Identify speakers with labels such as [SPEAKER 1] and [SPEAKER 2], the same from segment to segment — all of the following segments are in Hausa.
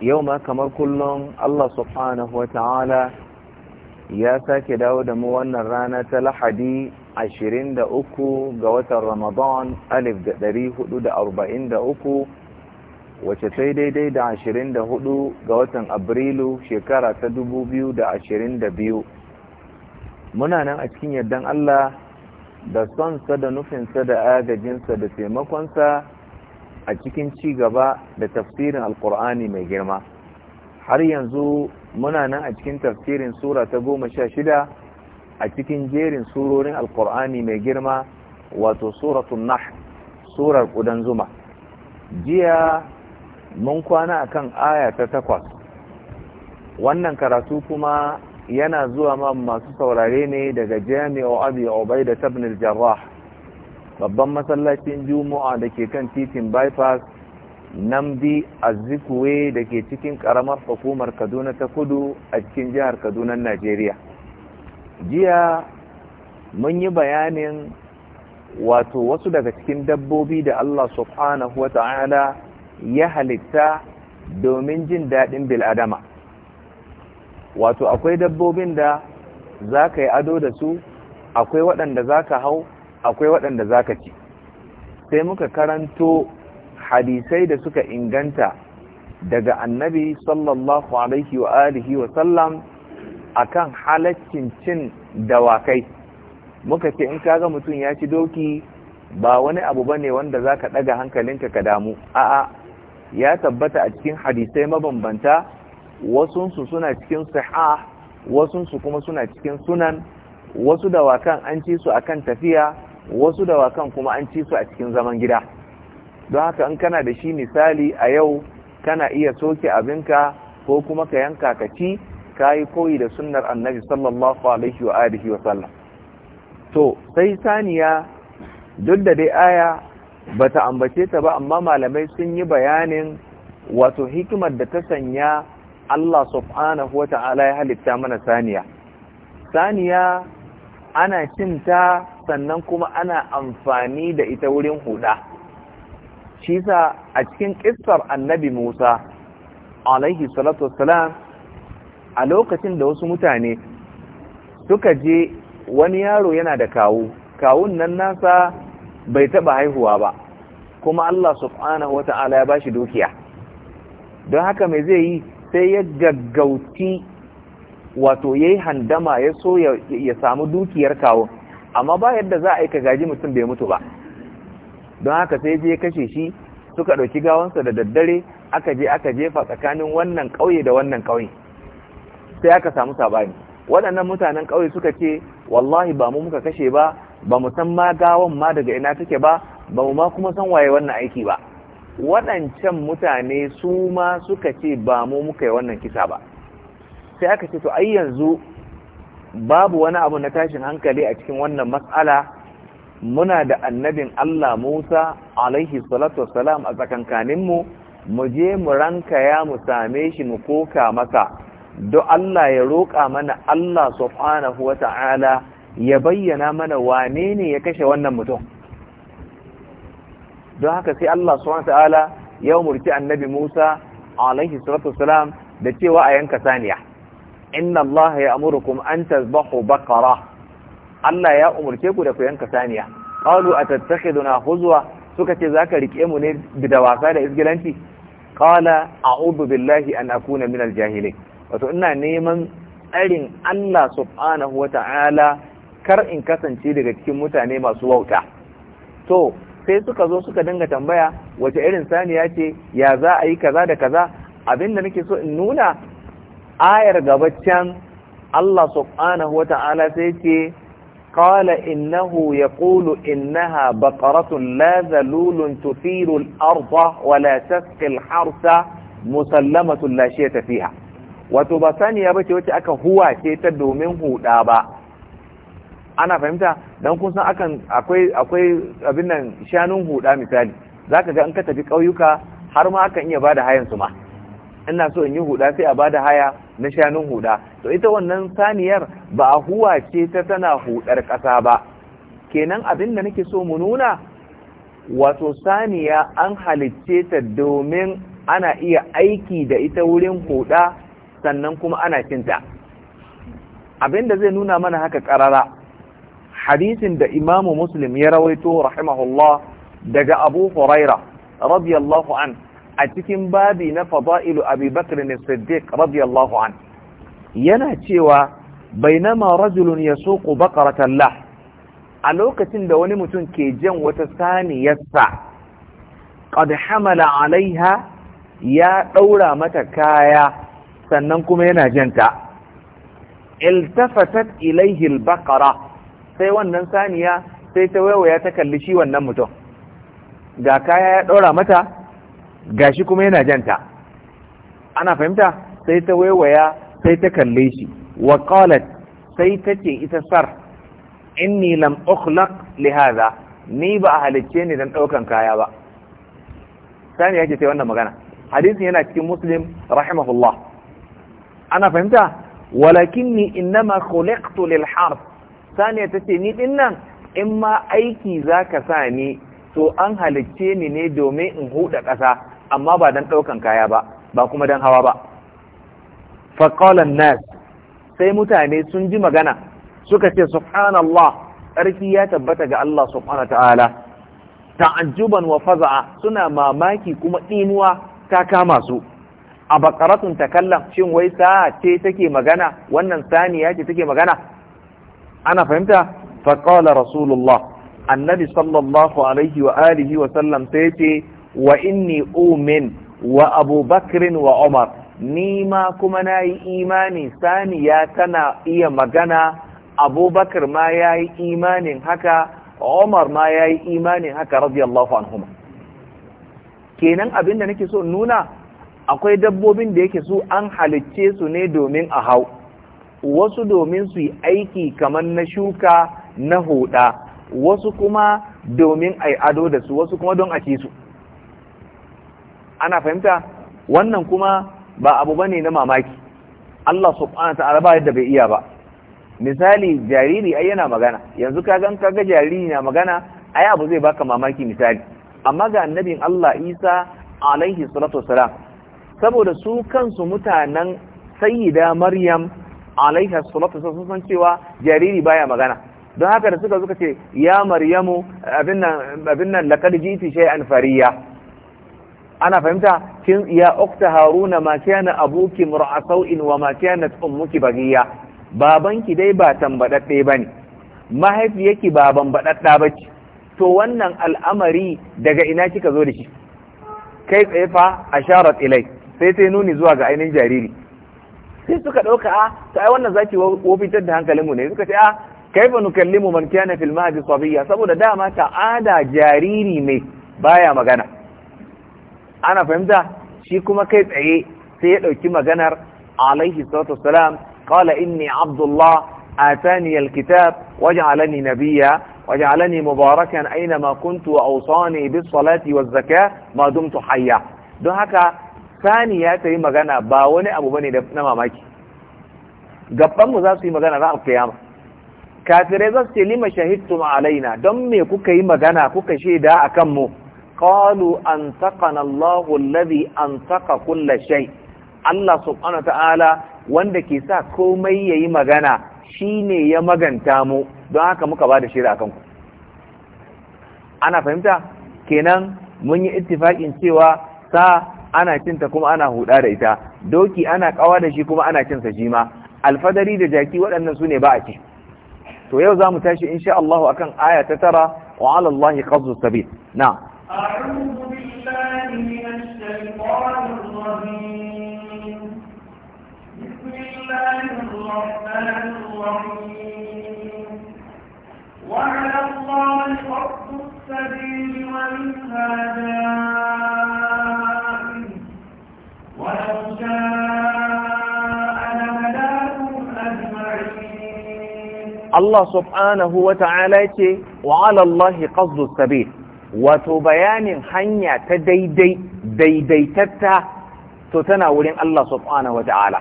[SPEAKER 1] yau ma kamar kullum Allah subhanahu wa ta'ala ya sake dawo da mu wannan rana ta lahadi 23 ga watan ramadan alif da 1443 wace sai daidai da 24 ga watan abrilu shekara ta 2022 muna nan a cikin yardan Allah da sonsa da nufinsa da agajinsa da taimakonsa a cikin ci gaba da tafsirin alkur'ani mai girma har yanzu muna nan a cikin tafsirin sura ta goma sha shida a cikin jerin surorin alkur'ani mai girma wato suratun nah surar ƙudan zuma jiya mun kwana akan aya ta takwas wannan karatu kuma yana zuwa ma masu saurare ne daga jami'a abi obai da tabnil jarrah babban masallacin juma'a da ke kan titin bypass namdi zikuwe da ke cikin karamar hukumar kaduna ta kudu a cikin jihar kaduna najeriya jiya mun yi bayanin wato wasu daga cikin dabbobi da allah subhanahu wa ta'ala ya halitta domin jin daɗin bil'adama wato akwai dabbobin da za ka yi ado da su akwai waɗanda za ka hau akwai waɗanda za ka ci sai muka karanto hadisai da suka inganta daga annabi sallallahu alaihi wa alihi wa sallam a kan halaccin cin dawakai muka ce in ka ga mutum ya ci doki ba wani abu ba ne wanda za ka ɗaga hankalinka ka damu a'a ya tabbata a cikin hadisai mabambanta wasunsu suna cikin siha wasunsu kuma suna cikin sunan wasu dawakan an ci su akan tafiya wasu da dawakan kuma an ci su a cikin zaman gida don haka in kana da shi misali a yau kana iya soke abinka ko kuma ka yanka ka ci ka yi koyi da sunnar annabi sallallahu alaihi wa alihi wa sallam to sai saniya duk da dai aya bata ambace ta ba amma malamai sun yi bayanin wato hikimar da ta sanya Allah subhanahu wa ta'ala ya halitta mana saniya saniya ana cin ta sannan kuma ana amfani da ita wurin huda shi sa a cikin ƙistar annabi musa alaihi salatu wassalam a lokacin da wasu mutane suka je wani yaro yana da kawu kawun nan nasa bai taba haihuwa ba kuma Allah subhanahu wata'ala ya bashi dukiya don haka mai zai yi sai ya gaggauti wato yayi handama ya so ya samu dukiyar kawun amma ba yadda za a yi ka gaji mutum bai mutu ba don haka sai je kashe shi suka ɗauki gawansa da daddare aka je aka jefa tsakanin wannan ƙauye da wannan ƙauye sai aka samu saɓani waɗannan mutanen ƙauye suka ce wallahi ba mu muka kashe ba ba mu san ma gawan ma daga ina take ba ba mu ma kuma san waye wannan aiki ba waɗancan mutane su ma suka ce ba mu muka yi wannan kisa ba sai aka ce to ai yanzu babu wani abu na tashin hankali a cikin wannan matsala? muna da annabin Allah Musa alaihi salatu wassalam a tsakankanin mu mu je mu rankaya mu same shi mu koka masa don Allah ya roƙa mana Allah subhanahu wa ta'ala ya bayyana mana wane ne ya kashe wannan mutum don haka sai Allah subhanahu wa ta'ala ya umurci annabi Musa alaihi salatu wassalam da cewa a yanka saniya inna Allah ya amurukum an tazbahu Bakara. Allah ya umurce ku da ku yanka saniya qalu atattakhiduna huzwa suka ce zaka rike mu ne da wasa da isgilanci qala a'udhu billahi an akuna min al wato ina neman tsarin Allah subhanahu wata'ala kar in kasance daga cikin mutane masu wauta to sai suka zo suka dinga tambaya wace irin saniya ce ya za a yi kaza da kaza abin da nake so in nuna ayar gabaccen Allah subhanahu ta’ala sai ce, Kala innahu ya ƙulu innaha baƙaratun laza lulun tufirul arfa wala tasqil harsa musallamatun lashe ta Wato ba sani ya bace wacce aka huwa ta domin huda ba. Ana fahimta don kun san akan akwai abin nan shanun huda misali. Za ka ga in ka tafi ƙauyuka har ma akan iya ba da hayan su ma. ina so in yi huda sai a bada haya na shanun huda to ita wannan saniyar ba a huwa ce ta tana hudar ƙasa ba kenan abin da nake so mu nuna wato saniya an halicce ta domin ana iya aiki da ita wurin huda sannan kuma ana cinta abin da zai nuna mana haka karara hadisin da imamu muslim ya rawaito rahimahullah daga abu hurairah radiyallahu an a cikin babi na fada'ilu abi bakr ne siddiq radiyallahu an yana cewa bai nama rajulun ya baqaratan lah a lokacin da wani mutum ke jan wata saniyarsa qad hamala alaiha ya ɗaura mata kaya sannan kuma yana janta iltafatat ilaihi albaqara sai wannan saniya sai ta ya ta kalli shi wannan mutum ga kaya ya ɗaura mata gashi kuma yana janta ana fahimta sai ta waiwaya sai ta kalle shi wa qalat sai ta ce ita sar inni lam ukhlaq li hadha ni ba a halicce ni dan daukan kaya ba sani yake sai wannan magana hadisin yana cikin muslim rahimahullah ana fahimta walakinni innama khuliqtu lil harf sani ta ce ni dinnan in ma aiki zaka sa ni to an halicce ni ne domin in huda ƙasa amma ba don ɗaukan kaya ba ba kuma don hawa ba faƙalan nas sai mutane sun ji magana suka ce subhanallah ƙarfi ya tabbata ga Allah subhanahu ta'ala ta'ajjuban wa faza'a suna mamaki kuma ɗinuwa ta kama su a bakaratun takallam shin wai sa ce take magana wannan saniya ce take magana ana fahimta faƙalar rasulullah annabi sallallahu alaihi wa alihi wa sallam sai ce wa inni umin wa abubakrin wa umar ni ma kuma na yi imani saniya tana iya magana abubakar ma ya yi imanin haka umar ma ya yi imanin haka radiyallahu anhuma kenan abin da nake so nuna akwai dabbobin da yake su an halicce su ne domin a hau wasu domin su yi aiki kamar na shuka na huda wasu kuma domin a yi ado da su wasu kuma don a ci su ana fahimta wannan kuma ba abu bane na mamaki Allah subhanahu ta'ala ba yadda bai iya ba misali jariri ai yana magana yanzu ka gan kaga jariri na magana ai abu zai baka mamaki misali amma ga annabin Allah Isa alaihi salatu wassalam saboda su kansu mutanen sayyida Maryam alaiha salatu wassalam san cewa jariri baya magana don haka da suka suka ce ya maryamu abin nan laqad jiti shay'an fariya ana fahimta kin ya ukta haruna ma kana abuki in wa ma kanat ummuki bagiya babanki dai ba tambadadde bane mahaifiyarki ba bambadadda bace to wannan al'amari daga ina kika zo da shi kai tsaye fa asharat ilai sai sai nuni zuwa ga ainihin jariri sai suka ɗauka a ah, ta wannan zaki wofitar da hankalinmu ne suka ce a ah, كيف نكلم من كان في المهد صبية سبب دا ما تعادى جاريني مي بايا مغانا أنا فهمتا شيكو ما كيف اي سيئلو كما غنر عليه الصلاة والسلام قال إني عبد الله آتاني الكتاب وجعلني نبيا وجعلني مباركا أينما كنت وأوصاني بالصلاة والزكاة ما دمت حيا دو هكا ثانية تي مغانا باوني أبو بني دفنا ما ماكي قبل مزاسي مغانا رأى القيامة kafirai zan su ce lima shahidtum alaina don me kuka yi magana kuka shaida a kanmu qalu taqana Allahu alladhi taqa kulli shay Allah subhanahu ta'ala wanda ke sa komai yayi magana shine ya maganta mu don haka muka bada shaida a kanku. ana fahimta kenan mun yi ittifakin cewa sa ana cinta kuma ana huda da ita doki ana kawa da shi kuma ana cinsa shi ma alfadari da jaki waɗannan su ne ba a ci to yau zamu tashi insha Allah akan aya ta tara wa 'ala Allah sabil na'am Allah subhanahu wa ta'ala ce wa alallahi qasdu sabil wato bayanin hanya ta daidai daidaitatta to tana wurin Allah subhanahu wa ta'ala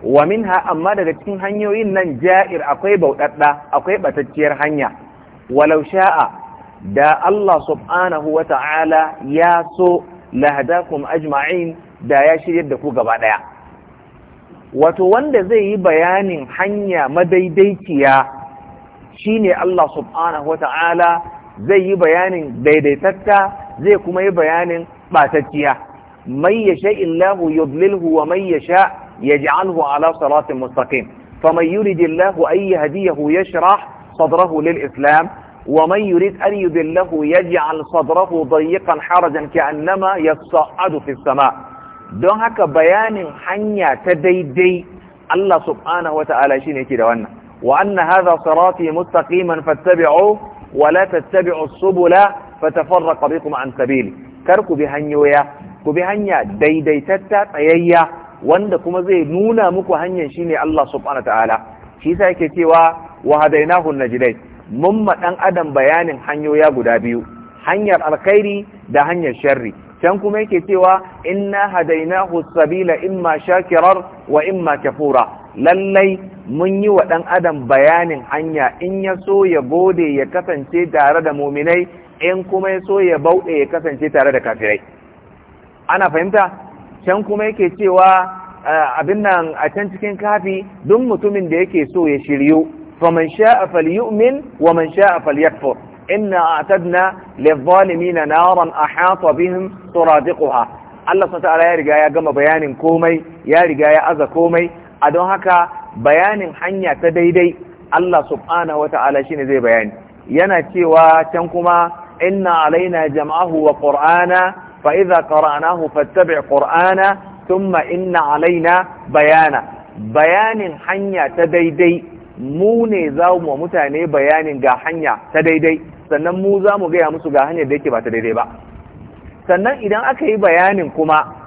[SPEAKER 1] wa minha amma daga cikin hanyoyin nan ja'ir akwai bauɗaɗɗa akwai batacciyar hanya walau sha'a da Allah subhanahu wa ta'ala ya so lahadakum ajma'in da ya shiryar da ku gaba ɗaya wato wanda zai yi bayanin hanya madaidaiciya shine Allah subhanahu wata'ala zai yi bayanin daidaitatta zai kuma yi bayanin batacciya mai yasha illahu yudlilhu wa mai yasha yaj'alhu ala siratin mustaqim faman yuridillahu an yahdiyahu yashrah صدره للإسلام ومن يريد أن يذله يجعل صدره ضيقا حرجا كأنما يصعد في sama. don haka bayanin hanya ta daidai Allah subhanahu wa ta'ala shi ne ke da wannan وأن هذا صراطي مستقيما فاتبعوه ولا تتبعوا السبل فتفرق بكم عن سبيلي كركو بهنيويا hanya, daidaitata tsayayya, wanda kuma zai nuna muku hanyar shine Allah subhanahu ta'ala shi sa yake cewa wa hadainahu najdai mun ma dan adam bayanin hanyoya guda biyu hanyar alkhairi da hanyar sharri can kuma yake cewa inna hadainahu sabila imma shakirar wa imma kafura lallai mun yi wa ɗan adam bayanin hanya in ya so ya gode ya kasance tare da muminai in kuma ya so ya bauɗe ya kasance tare da kafirai ana fahimta can kuma yake cewa abin nan a can cikin kafi duk mutumin da yake so ya shiryu faman sha'a falyu'min wa man sha'a falyakfur inna a'tadna lidh naran ahata bihim suradiquha Allah subhanahu ya riga ya gama bayanin komai ya riga ya aza komai a don haka bayanin hanya ta daidai Allah subhanahu wata'ala shine zai bayani yana cewa can kuma inna alaina jama'ahu wa qur'ana fa idza qara'nahu fattabi' qur'ana thumma inna alaina bayana bayanin hanya ta daidai mu ne za mu mutane bayanin ga hanya ta daidai sannan mu zamu mu gaya musu ga hanyar da yake ba ta daidai ba sannan idan aka yi bayanin kuma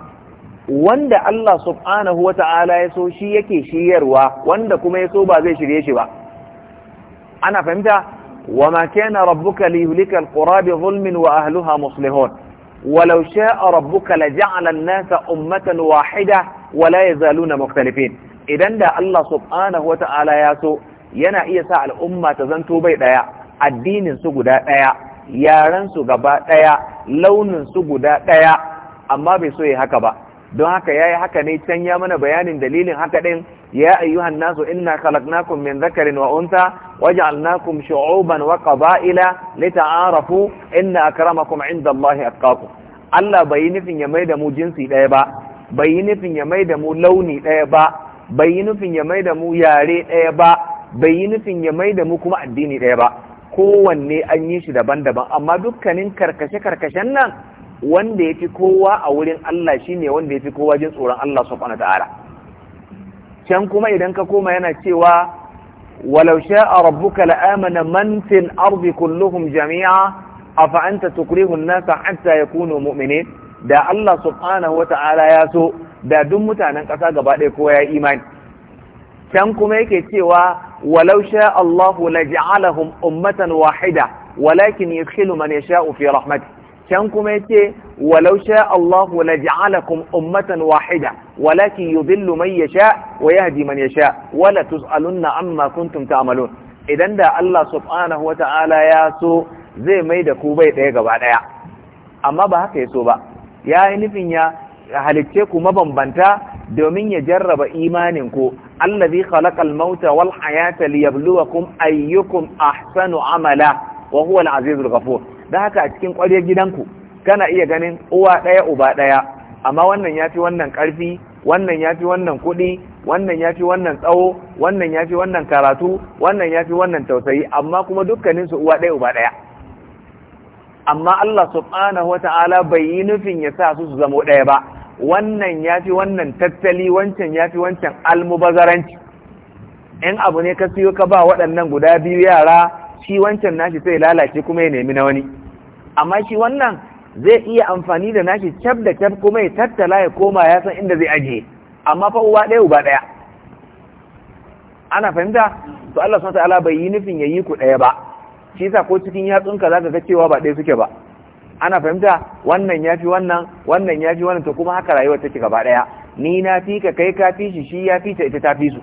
[SPEAKER 1] wanda Allah subhanahu wa ta'ala ya so shi yake shiyarwa wanda kuma ya so ba zai shirye shi ba ana fahimta wa ma kana rabbuka liyuhlika alqura zulmin wa ahliha muslihun walau sha'a rabbuka laja'ala nasa ummatan wahida wa la na mukhtalifin idan da Allah subhanahu wa ta'ala ya so yana iya sa al'umma ta zanto bai daya addinin su guda daya yaran su gaba daya launin su guda daya amma bai so ya haka ba don haka yi haka ne can ya mana bayanin dalilin haka din ya ayyuhan nasu inna khalaqnakum min dhakarin wa unsa waj'alnakum shu'uban wa qaba'ila lita'arafu inna akramakum 'inda Allahi atqakum Allah bai nufin ya maida mu jinsi ɗaya ba bai nufin ya maida mu launi ɗaya ba bai yi nufin ya maida mu yare ɗaya ba bai yi nufin ya maida mu kuma addini ɗaya ba kowanne an yi shi daban-daban amma dukkanin karkashe-karkashen nan wanda ya fi kowa a wurin Allah shine wanda ya fi kowa jin tsoron Allah subhanahu ta'ala can kuma idan ka koma yana cewa walau sha'a rabbuka la'amana man fil ardi kulluhum jami'a afa anta tukrihu an-nasa hatta yakunu mu'minin da Allah subhanahu ta'ala ya so da duk mutanen ƙasa gaba ɗaya kowa ya imani can kuma yake cewa walau sha Allahu la ja'alahum ummatan wahida walakin yadkhilu man yasha'u fi rahmatihi can kuma yace walau sha Allahu la ja'alakum ummatan wahida walakin yudillu man yasha wa yahdi man yasha wala tus'alunna amma kuntum ta'malun idan da Allah subhanahu wata'ala ya so zai mai da ku bai ɗaya gaba ɗaya amma ba haka ya so ba ya yi nufin ya halicce ku mabambanta domin ya jarraba imanin ku allazi khalaqal mauta wal hayata liyabluwakum ayyukum ahsanu amala wa huwa al-azizul ghafur da haka a cikin ƙwaryar gidanku kana iya ganin uwa ɗaya uba ɗaya amma wannan ya fi wannan ƙarfi wannan ya fi wannan kuɗi wannan ya fi wannan tsawo wannan ya fi wannan karatu wannan ya fi wannan tausayi amma kuma dukkaninsu uwa ɗaya uba ɗaya amma Allah subhanahu wa ta'ala bai yi nufin ya sa su su zamo ɗaya ba wannan ya fi wannan tattali wancan ya fi wancan almubazaranci in abu ne ka siyo ka ba waɗannan guda biyu yara shi wancan nashi sai lalace kuma ya nemi na wani amma shi wannan zai iya amfani da nashi kyaf da kyab kuma ya tattala ya koma ya san inda zai ajiye amma fa uwa ɗaya uba ɗaya ana fahimta to Allah sun ta'ala bai yi nufin ya yi ku ɗaya ba shi sa ko cikin yatsunka zaka ga cewa ba ɗaya suke ba ana fahimta wannan ya fi wannan wannan ya fi wannan to kuma haka rayuwar take gaba ɗaya ni na fi ka kai ka fi shi shi ya fi ta ita ta fi su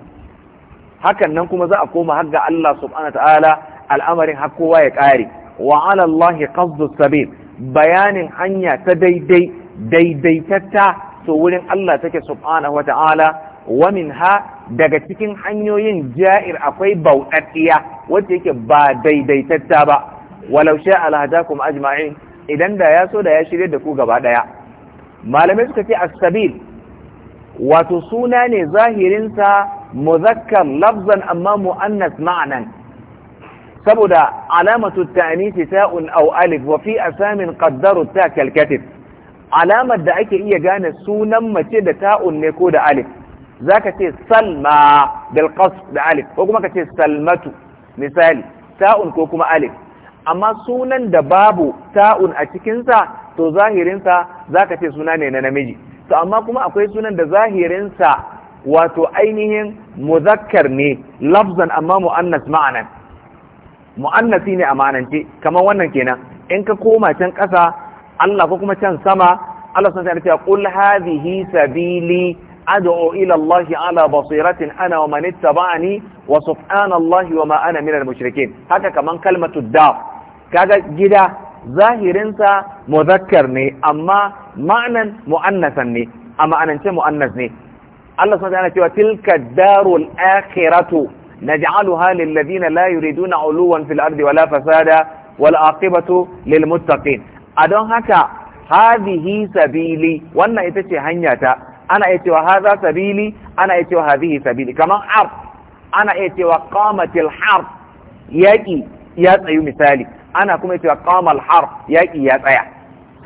[SPEAKER 1] hakan nan kuma za a koma har ga Allah subhanahu ta'ala al'amarin har kowa ya ƙare wa ala Allahi bayanin hanya ta daidai daidaitatta to wurin Allah take subhanahu wa ta'ala wa minha daga cikin hanyoyin ja'ir akwai bauɗaɗɗiya wacce yake ba daidaitatta ba walau sha alhadakum ajma'in idan da ya so da ya shirye da ku gaba ɗaya malamai suka ce as-sabil wato suna ne zahirinsa muzakkar lafzan amma mu'annas ma'anan saboda alamatu ta'anisi ta'un aw alif wa fi asamin qaddaru ta kalkatif alamar da ake iya gane sunan mace da ta'un ne ko da alif zaka ce salma bil qasd da alif ko kuma ka ce salmatu misali ta'un ko kuma alif amma sunan da babu ta'un a cikinsa to zahirinsa zaka ce suna ne na namiji to amma kuma akwai sunan da zahirinsa wato ainihin muzakkar ne lafzan amma mu'annas ma'anan mu'annasi ne amanance kamar wannan kenan in ka koma can ƙasa Allah ko kuma can sama Allah sun ta qul hadhihi sabili ad'u ila Allah ala basiratin ana wa man ittaba'ani wa subhanallahi wa ma ana minal mushrikeen haka kamar kalmatu da kaga gida zahirinsa muzakkar ne amma ma'anan mu'annasan ne a ma'anance mu'annas ne Allah sun ta cewa tilka darul akhiratu naj'aluha lil ladina la na uluwan fil ardi wala fasada wal aqibatu lil muttaqin a don haka hadhihi sabili wannan ita ce hanyata ana iya cewa hadha sabili ana iya cewa hadhihi sabili kaman har ana iya cewa qamatil har yaki ya tsayu misali ana kuma cewa kamar har yaƙi ya tsaya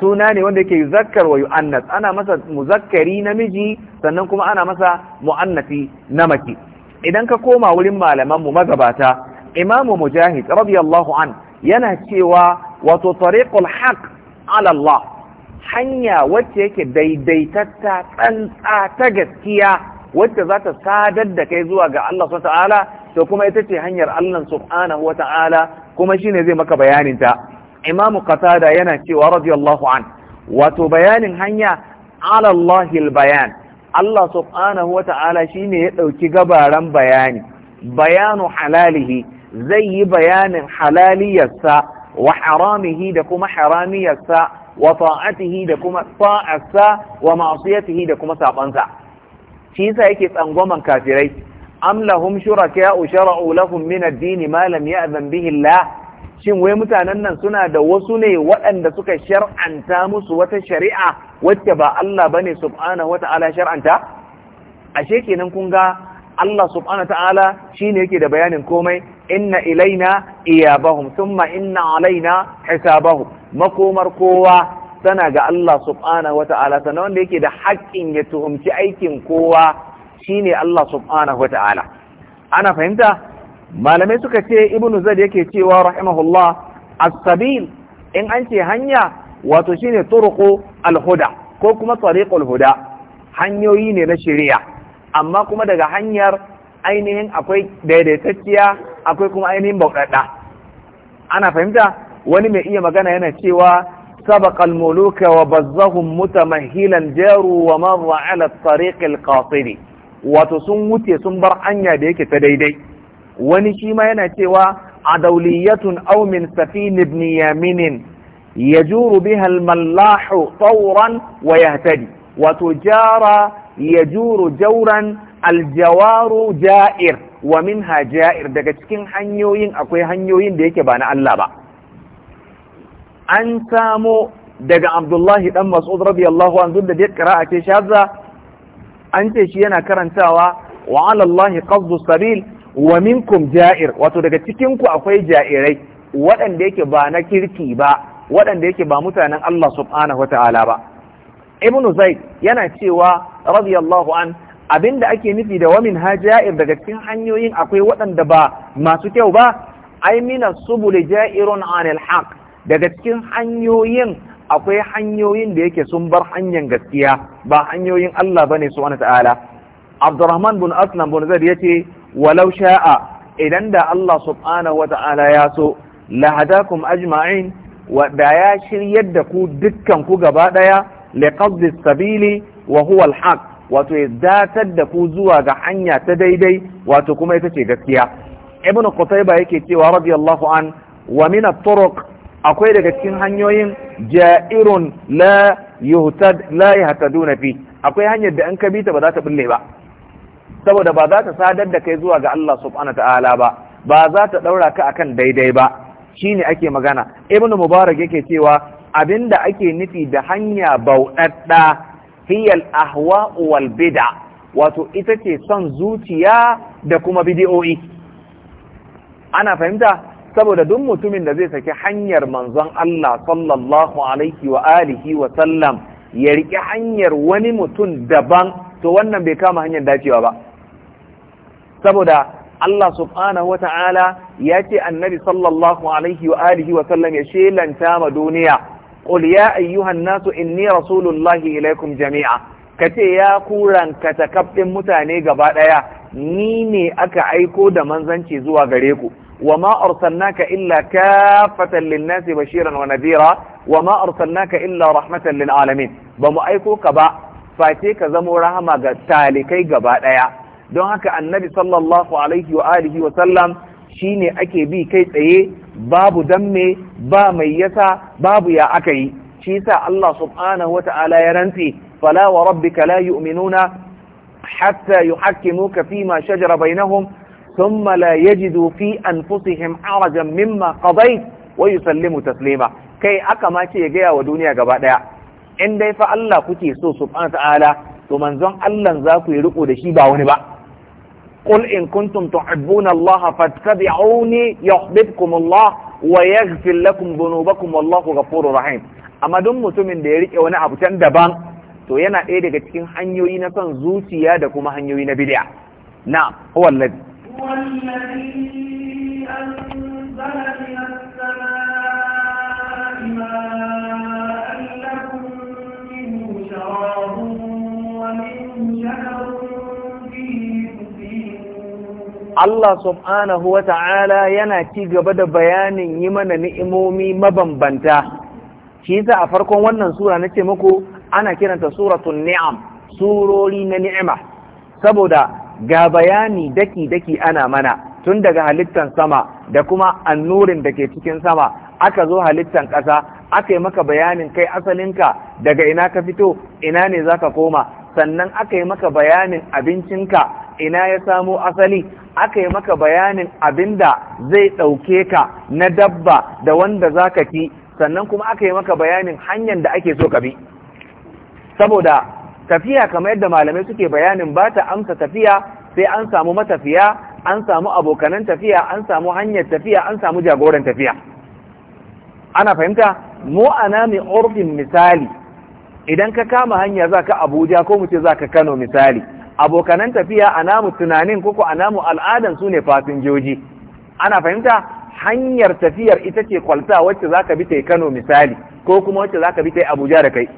[SPEAKER 1] suna ne wanda yake yuzakkar wa yu'annas ana masa muzakkari namiji sannan kuma ana masa mu'annasi na mace idan ka koma wurin malamanmu magabata imamu mujahid radiyallahu an yana cewa wato tariqul haq ala Allah hanya wacce yake daidaitatta tsantsa ta gaskiya wacce za ta sadar da kai zuwa ga Allah subhanahu ta'ala to kuma ita ce hanyar Allah subhanahu wata'ala kuma shine zai maka bayanin ta imamu qatada yana cewa radiyallahu an wato bayanin hanya ala Allahil bayan Allah subhanahu wa ta'ala shi ne ya ɗauki gabaran bayani bayanu halalihi zai yi bayanin halaliyarsa wa haramihi da kuma haramiyarsa wa fa'atihi da kuma fa'arsa wa ma'asiyatihi da kuma saɓansa shi yake tsangwaman kafirai am lahum shuraka'u shara'u lahum min ad-din ma lam bihi Allah shin wai mutanen nan suna da wasu ne waɗanda suka shar'anta musu wata shari'a wacce ba Allah bane subhanahu wata'ala shar'anta ashe kenan kun ga Allah subhanahu wata'ala shine yake da bayanin komai inna ilaina iyabahum thumma inna alaina hisabahum makomar kowa tana ga Allah subhanahu wata'ala sannan wanda yake da haƙƙin ya tuhumci aikin kowa shine Allah subhanahu wata'ala ana fahimta malamai suka ce ibnu zaid yake cewa rahimahullah as-sabil in an ce hanya wato shine turuqu al-huda ko kuma tariqul huda hanyoyi ne na shari'a amma kuma daga hanyar ainihin akwai daidaitacciya akwai kuma ainihin bauɗaɗɗa ana fahimta wani mai iya magana yana cewa سبق الملوك وبزهم متمهلا جاروا ومر على الطريق bar hanya da أن يديك تديدي wani shi ma yana cewa a aw min safin ibn yaminin yajuru biha al-mallahu tawran wa yahtadi wato jara ya juru jauran aljawaru ja'ir wa minha ja'ir daga cikin hanyoyin akwai hanyoyin da yake ba na Allah ba an samo daga Abdullahi dan Mas'ud radiyallahu anhu da dai qira'a ce shazza an ce shi yana karantawa wa 'ala Allah qabdu sabil wa minkum ja'ir wato daga cikin ku akwai ja'irai waɗanda yake ba na kirki ba waɗanda yake ba mutanen Allah subhanahu ta'ala ba ibnu zaid yana cewa radiyallahu an abinda ake nufi da wamin haja'ir daga cikin hanyoyin akwai waɗanda ba masu kyau ba ai mina subul ja'irun anil haq daga cikin hanyoyin akwai hanyoyin da yake sun bar hanyar gaskiya ba hanyoyin Allah bane subhanahu wata'ala Abdurrahman bin Aslam bin Zaid yace walau sha'a idan da Allah subhanahu wata'ala ya so lahadakum ajma'in wa da ya shiryar da ku dukkan ku gaba daya liqaddi sabili wa huwa wato ya da ku zuwa ga hanya ta daidai wato kuma ita ce gaskiya Ibn qutayba yake cewa radiyallahu an wa min at-turuq akwai daga cikin hanyoyin ja'irun la yuhtad la yahtaduna fi akwai hanyar da an kabita ba za ta bulle ba saboda ba za ta sadar da kai zuwa ga Allah subhanahu ta'ala ba ba za ta daura ka akan daidai ba shine ake magana ibn mubarak yake cewa abinda ake nufi da hanya bauɗaɗɗa hiyal ahwa wal bid'a wato ita ce son zuciya da kuma bid'o'i ana fahimta saboda duk mutumin da zai saki hanyar manzon Allah sallallahu alaihi wa alihi wa sallam ya riƙe hanyar wani mutum daban to wannan bai kama hanyar dacewa ba saboda Allah subhanahu wa ya ce annabi sallallahu alaihi wa wa sallam ya shelanta ma duniya, ƙulya ya ayyuhan nasu inni rasulullahi ilaikum jami'a, ka ce ya kuran ka mutane gaba ɗaya, ni ne aka aiko da manzanci zuwa gare ku. Wa ma arsalnaka illa kafatan lin nasi bashiran wa nadira, wa ma arsalnaka illa rahmatan lil alamin. Ba mu aiko ka ba, face ka zamo rahama ga talikai gaba ɗaya. don haka annabi sallallahu alaihi wa alihi wa sallam shine ake bi kai tsaye babu damme ba mai yasa babu ya aka yi shi yasa Allah subhanahu wa ta'ala ya rantse fala wa rabbika la yu'minuna hatta yuhakkimuka fima shajara bainahum ثم yajidu fi anfusihim أنفسهم mimma مما wa yusallimu taslima kai aka ma ce ya gaya wa duniya gaba ɗaya in dai fa Allah kuke so subhanahu ta'ala to manzon Allah za ku yi riko da shi ba wani ba قل إن كنتم تحبون الله فاتبعوني يحببكم الله ويغفر لكم ذنوبكم والله غفور رحيم amma don mutumin da ya rike wani abu can daban to yana ɗaya daga cikin hanyoyi na son zuciya da kuma hanyoyi na bid'a na Allah subhanahu wa ta'ala yana ci gaba da bayanin yi mana ni'imomi mabambanta shi yasa a farkon wannan sura na taimako, ana kiranta suratun ni'am surori na ni'ima saboda ga bayani daki daki ana mana tun daga halittan sama da kuma annurin da ke cikin sama aka zo halittan ƙasa aka yi maka bayanin kai asalinka daga ina ka fito ina ne za ka koma sannan aka yi maka bayanin abincinka ina ya samo asali aka yi maka bayanin abinda zai ɗauke ka na dabba da wanda za ka ci sannan kuma aka yi maka bayanin hanyar da ake so ka bi saboda tafiya kamar yadda malamai suke bayanin ba ta amsa tafiya sai an samu matafiya an samu abokanan tafiya an samu hanyar tafiya an samu jagoran tafiya ana fahimta mu ana mai orfin misali idan ka kama hanya za ka abuja ko mu ce za ka kano misali abokanan tafiya a namu tunanin koko a namu al'adan su ne fasinjoji ana fahimta hanyar tafiyar ita ce kwalta wacce za ka bi ta kano misali ko kuma wacce za ka bi ta abuja da kai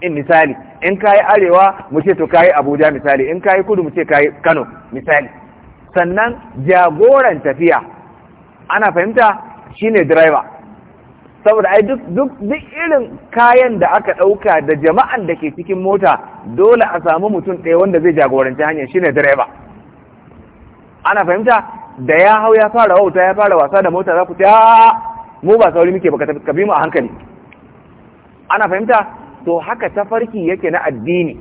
[SPEAKER 1] in misali in ka yi arewa mu ce to ka yi abuja misali in ka yi kudu mu ce ka yi kano misali sannan jagoran tafiya ana fahimta shine driver saboda ai duk duk duk irin kayan da aka ɗauka da jama'an da ke cikin mota dole a samu mutum ɗaya wanda zai jagoranci hanyar shine direba ana fahimta da ya hau ya fara wauta ya fara wasa da mota za ku ta mu ba sauri muke baka ka bi mu a hankali ana fahimta to haka tafarki yake na addini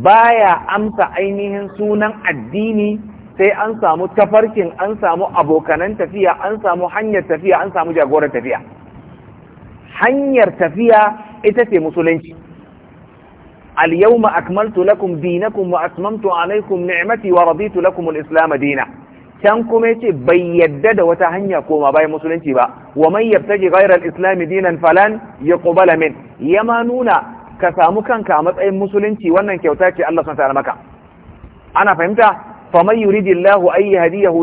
[SPEAKER 1] baya amsa ainihin sunan addini sai an samu tafarkin an samu abokanan tafiya an samu hanyar tafiya an samu jagorar tafiya hanyar tafiya ita ce musulunci al-yawma akmaltu lakum dinakum wa atmamtu alaykum ni'mati wa raditu lakum al-islam dina can kuma yace bai yadda da wata hanya koma bayan musulunci ba wa man yabtaji ghayra al-islam dinan falan yuqbala min yama nuna ka samu kanka a matsayin musulunci wannan kyauta ce Allah subhanahu wa maka ana fahimta fa man yuridillahu ay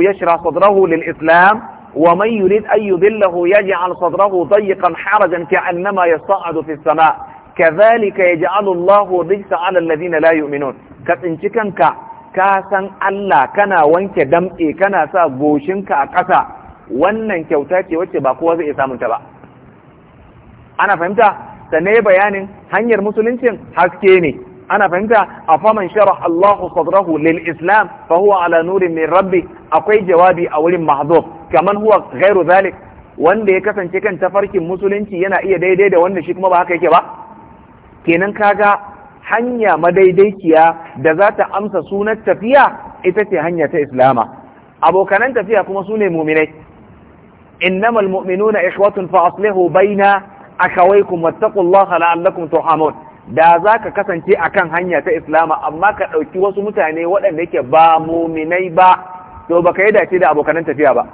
[SPEAKER 1] yashra sadrahu lil-islam ومن يريد أن يضله يجعل صدره ضيقا حرجا كأنما يصعد في السماء كذلك يجعل الله الرجس على الذين لا يؤمنون كتنشكنك كاسن ألا كنا وانك دمئي كنا سابوشنك أقسى wannan kyauta ce wacce ba kowa zai samun ta ba ana fahimta sannan bayanin ana fahimta a faman sharah Allahu sadrahu lil islam fa huwa ala nurin min rabbi akwai jawabi a wurin mahdhuf kaman huwa ghairu zalik wanda ya kasance kan tafarkin musulunci yana iya daidai da wanda shi kuma ba haka yake ba kenan kaga hanya madaidaiciya da za ta amsa sunan tafiya ita ce hanya ta islama abokanan tafiya kuma su ne muminai innamal mu'minuna ikhwatun fa aslihu baina akawaykum wattaqullaha la'allakum turhamun da za ka kasance a kan hanya ta islama amma ka ɗauki wasu mutane waɗanda yake ba muminai ba to ba ka yi dace da abokanan tafiya ba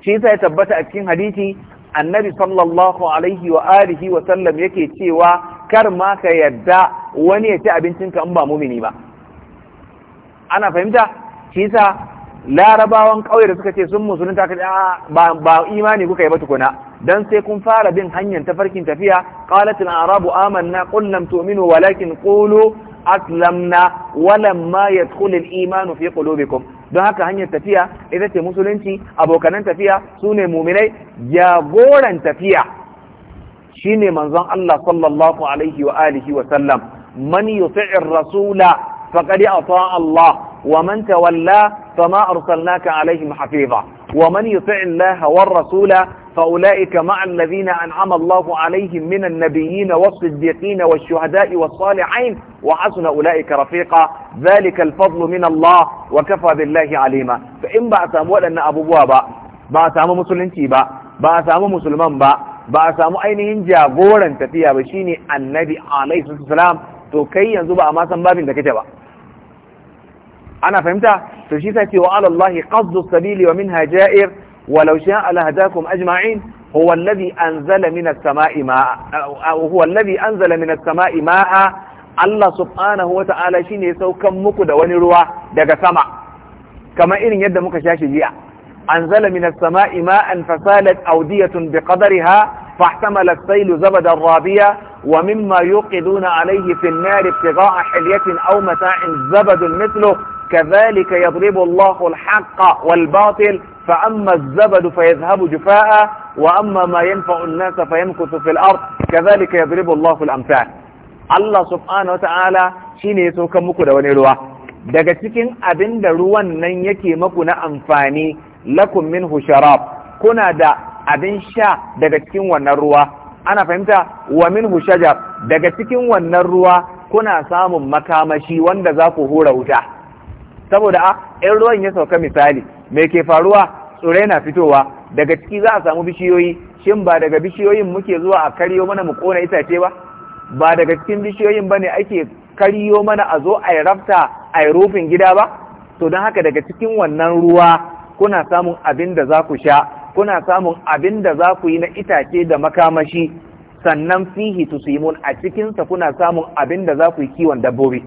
[SPEAKER 1] shi sai tabbata a cikin hadisi annabi sallallahu alaihi wa alihi wa sallam yake cewa kar ma ka yadda wani ya ci abincinka in ba mumini ba ana fahimta shi larabawan ƙauye da suka ce sun musulunta ka ba imani kuka yi ba tukuna dan sai kun fara bin hanyar tafarkin tafiya qalatil arabu amanna qul lam tu'minu walakin qulu aslamna walamma yadkhul imanu iman fi qulubikum don haka hanyar tafiya ita ce musulunci abokanan tafiya sune mu'minai jagoran tafiya shine manzon Allah sallallahu alaihi wa alihi wa sallam man yuti'ir rasula faqad ata Allah wa man tawalla fama arsalnaka alaihim hafiza ومن يطع الله والرسول فأولئك مع الذين أنعم الله عليهم من النبيين والصديقين والشهداء والصالحين وحسن أولئك رفيقا ذلك الفضل من الله وكفى بالله عليما فإن بعثهم ولن أبو بابا بعثهم مسلم تيبا بعثهم مسلمان با بأسام أينهن جابورا تتيا بشيني النبي عليه الصلاة والسلام تو كي ينزو بأماسا بابين تكتبا ana fahimta to shi sa ce wa ala Allah qasdu sabili wa minha ja'ir walau sha'a lahadakum ajma'in huwa alladhi anzala minas sama'i ma'a huwa alladhi anzala minas sama'i ma'a Allah subhanahu wa ta'ala shine ya saukan muku da wani ruwa daga sama kamar irin yadda muka sha shi jiya anzala minas sama'i ma'an fasalat awdiyatun biqadariha فاحتمل السيل زبدا رابيا ومما يوقدون عليه في النار ابتغاء حلية أو متاع زبد مثله كذلك يضرب الله الحق والباطل فأما الزبد فيذهب جفاء وأما ما ينفع الناس فيمكث في الأرض كذلك يضرب الله في الأمثال الله سبحانه وتعالى شيني كمكو دواني روا دقا تكين أبن دروا ننيكي مكونا أنفاني لكم منه شراب كنا دا أبن شا دقا تكين ونروا أنا فهمت ومنه شجر دقا تكين ونروا كنا سام مكامشي وندزاكو هو روجه saboda a ƴan ruwan ya sauka misali mai ke faruwa tsirrai na fitowa daga ciki za a samu bishiyoyi shin ba daga bishiyoyin muke zuwa a karyo mana mu kona itace ba ba daga cikin bishiyoyin bane ake karyo mana a zo a yi rafta a yi rufin gida ba to don haka daga cikin wannan ruwa kuna samun abin da za ku sha kuna samun abin da za ku yi na itace da makamashi sannan fihi tusimun a cikinsa kuna samun abin da za ku yi kiwon dabbobi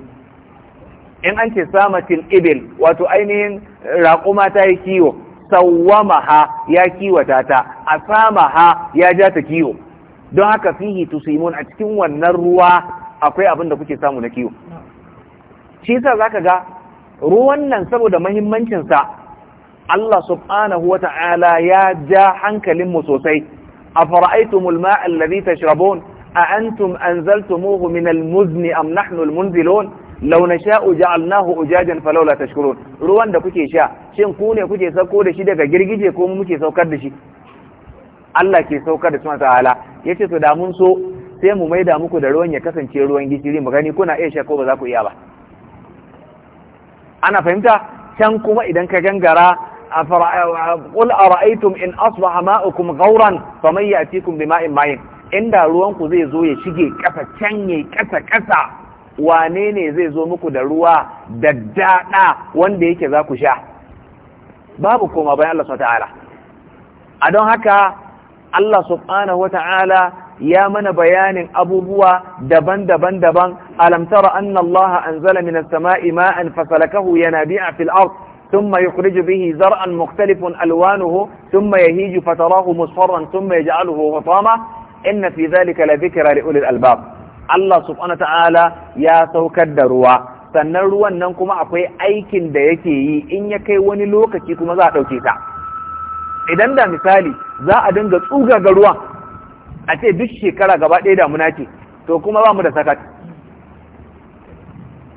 [SPEAKER 1] in an ce samatil ibil wato ainihin raƙuma ta yi kiwo sawwamaha ya kiwata ta asamaha ya ja ta kiwo don haka fihi tusimun a cikin wannan ruwa akwai abin da kuke samu na kiwo shi yasa zaka ga ruwan nan saboda mahimmancin sa Allah subhanahu wa ta'ala ya ja hankalin mu sosai afara'aytumul ma'a alladhi tashrabun a antum anzaltumuhu min almuzni am nahnu almunzilun law nasha'u ja'alnahu ujajan falawla tashkurun ruwan da kuke sha shin ku ne kuke sauko da shi daga girgije ko mu muke saukar da shi Allah ke saukar da sunan ta'ala yace to da mun so sai mu maida muku da ruwan ya kasance ruwan gishiri mu gani kuna iya sha ko ba za ku iya ba ana fahimta can kuma idan ka gangara قل أرأيتم إن أصبح ماؤكم غورا فمن يأتيكم بماء معين inda ruwanku zai zo ya shige ƙasa can yayi ƙasa ƙasa wane ne zai zo muku da ruwa da daɗa wanda yake za ku sha babu koma bayan Allah ta'ala a don haka Allah subhanahu wa ta'ala ya mana bayanin abubuwa daban-daban daban alamtara anna Allah anzala min as-sama'i ma'an fasalakahu yanabi'a fil ard ثم يخرج به زرعا مختلف ألوانه ثم يهيج فتراه مصفرا ثم inna fi إن la ذلك لذكرى لأولي albab Allah subhanahu ta'ala ya saukar da ruwa sannan ruwan nan kuma akwai aikin da yake yi in ya kai wani lokaci kuma za a ɗauke ta idan da misali za a dinga tsuga ga ruwan a ce duk shekara gaba ɗaya damuna ce to kuma ba mu da sakat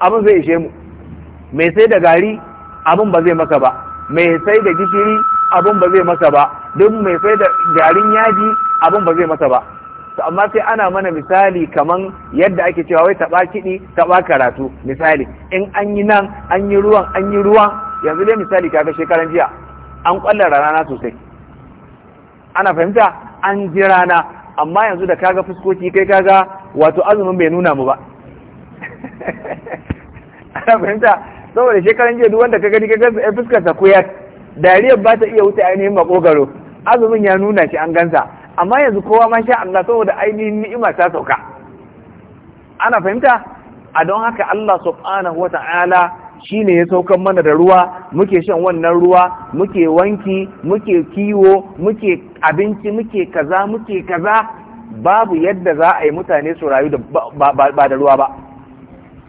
[SPEAKER 1] abin zai ishe mu mai sai da gari abin ba zai masa ba mai sai da gishiri abin ba zai masa ba duk mai sai da garin yaji abin ba zai masa ba to amma sai ana mana misali kaman yadda ake cewa wai taba kiɗi taba karatu misali in an yi nan an yi ruwan an yi ruwan yanzu dai misali kaga shekaran jiya an kwalla rana sosai ana fahimta an ji rana amma yanzu da kaga fuskoki kai kaga wato azumin bai nuna mu ba ana fahimta saboda shekaran jiya duk wanda ka gani ka gansa fuskar ta kuyar dariyar ba ta iya wuce ainihin makogaro azumin ya nuna shi an gansa amma yanzu kowa ma sha Allah saboda ainihin ni'ima ta sauka ana fahimta a don haka Allah subhanahu wata'ala shine ya saukan mana da ruwa muke shan wannan ruwa muke wanki muke kiwo muke abinci muke kaza muke kaza babu yadda za a yi mutane su rayu ba da ruwa ba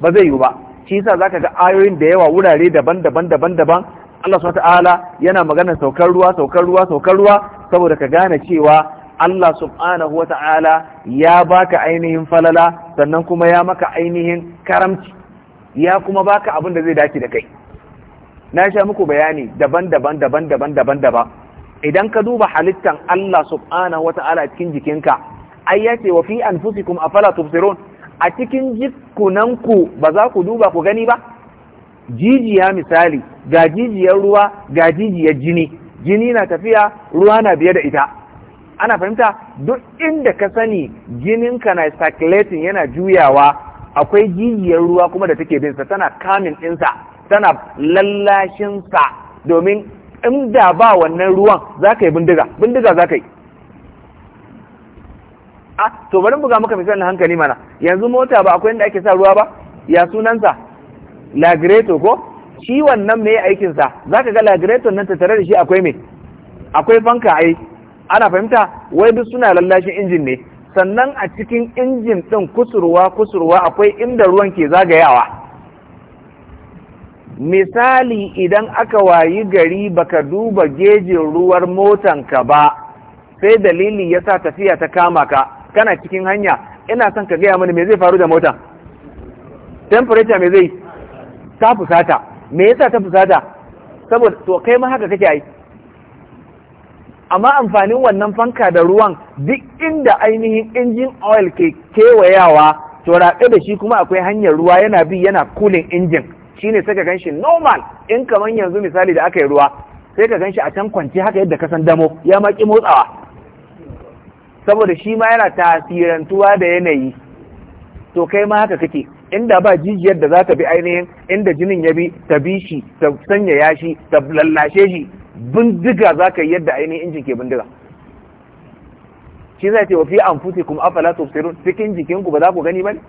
[SPEAKER 1] ba zai yiwu ba shi yasa zaka ga ayoyin da yawa wurare daban-daban daban-daban Allah subhanahu wata'ala yana magana saukar ruwa saukar ruwa saukar ruwa saboda ka gane cewa Allah subhanahu wa ta'ala ya baka ainihin falala sannan kuma ya maka ainihin karamci ya kuma baka abin da zai dace da kai na sha muku bayani daban-daban daban-daban daban-daban idan ka duba halittan Allah subhanahu wa ta'ala cikin jikinka ai ya ce wa fi anfusikum afala tubsirun a cikin jikunanku ba za ku duba ku gani ba jijiya misali ga jijiyar ruwa ga jijiyar jini jini na tafiya ruwa na biye da ita ana fahimta duk inda ka sani jinin ka na circulating yana juyawa akwai jijiyar ruwa kuma da take binsa tana kamin ɗinsa tana lallashinsa domin inda ba wannan ruwan za ka yi bindiga bindiga za ka yi a to bari buga maka misalin hankali mana yanzu mota ba akwai inda ake sa ruwa ba ya sunansa lagreto ko shi wannan me aikinsa za ka ga lagreto nan ta tare da shi akwai me akwai fanka ai ana fahimta wai duk suna lallashin injin ne sannan a cikin injin ɗin kusurwa kusurwa akwai inda ruwan ke zagayawa misali idan aka wayi gari baka duba gejin ruwar motanka ba sai dalili ya sa tafiya ta kama ka kana cikin hanya ina son ka gaya mani me zai faru da motan temperature me zai ta fusata me yasa ta fusata saboda to kai ma haka kake ai amma amfanin wannan fanka da ruwan duk inda ainihin injin oil ke kewayawa to raɗe da shi kuma akwai hanyar ruwa yana bi yana kulin injin shine sai ka ganshi normal in kamar yanzu misali da aka yi ruwa sai ka ganshi a can kwance haka yadda ka san damo ya maki motsawa saboda shi ma yana tasirantuwa da yanayi to kai ma haka kake inda ba jijiyar da za ta bi ainihin inda jinin ya bi ta bi shi ta sanyaya shi, ta lallashe shi bindiga za ka yi yadda ainihin injin ke bindiga shi zai ce wa fi kuma afala tubsirun cikin jikinku ba za ku gani ba ne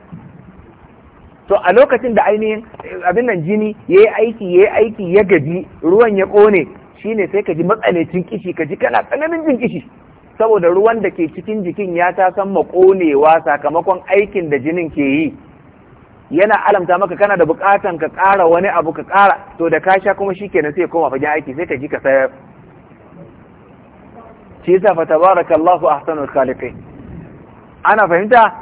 [SPEAKER 1] to a lokacin da ainihin abin nan jini yayi aiki yi aiki ya gaji ruwan ya kone shine sai ka ji matsanacin kishi ka ji kana tsananin jin kishi saboda ruwan da ke cikin jikin ya ta san makonewa sakamakon aikin da jinin ke yi yana alamta maka kana da bukatan ka kara wani abu ka kara to da ka sha kuma shikenan sai koma fagen aiki sai ka ji ka sayar shi yasa fa tabarakallahu ahsanul khaliqin ana fahimta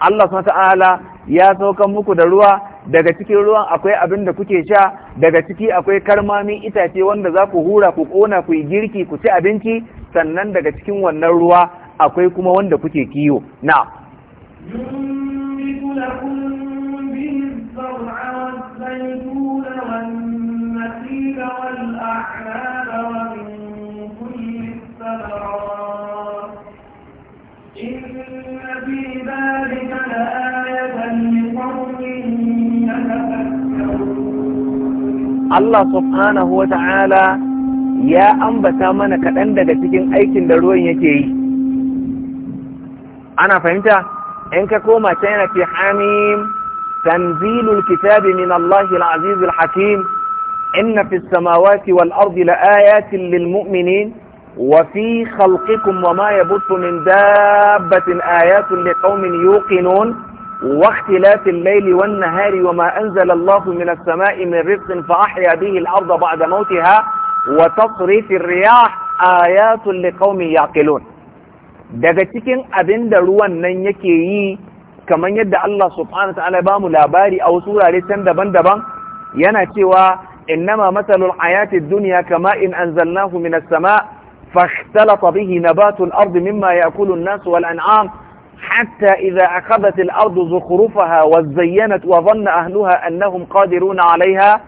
[SPEAKER 1] Allah subhanahu ta'ala ya sauka muku da ruwa daga cikin ruwan akwai abin da kuke sha daga ciki akwai karmamin itace wanda za ku hura ku kona ku girki ku ci abinci sannan daga cikin wannan ruwa akwai kuma wanda kuke kiyo na
[SPEAKER 2] الزيتون والنخيل والأعناب ومن كل الثمرات إن في ذلك لآية لقوم
[SPEAKER 1] Allah subhanahu wa ta'ala ya ambata mana kaɗan daga cikin aikin da ruwan yake yi. Ana fahimta, ‘yan ka koma can yana ce hamim تنزيل الكتاب من الله العزيز الحكيم إن في السماوات والأرض لآيات للمؤمنين وفي خلقكم وما يبث من دابة آيات لقوم يوقنون واختلاف الليل والنهار وما أنزل الله من السماء من رزق فأحيا به الأرض بعد موتها وتصريف الرياح آيات لقوم يعقلون daga cikin abin da ruwan nan yake yi kaman yadda Allah subhanahu wataala ba mu labari a wasu wurare can daban-daban yana cewa innama masalul hayatid dunya kama in anzalnahu minas sama fahtalata bihi nabatul ard mimma ya'kulu an-nas wal an'am hatta idha akhadhat حتى إذا أخذت الأرض زخرفها وزينت وظن أهلها أنهم قادرون عليها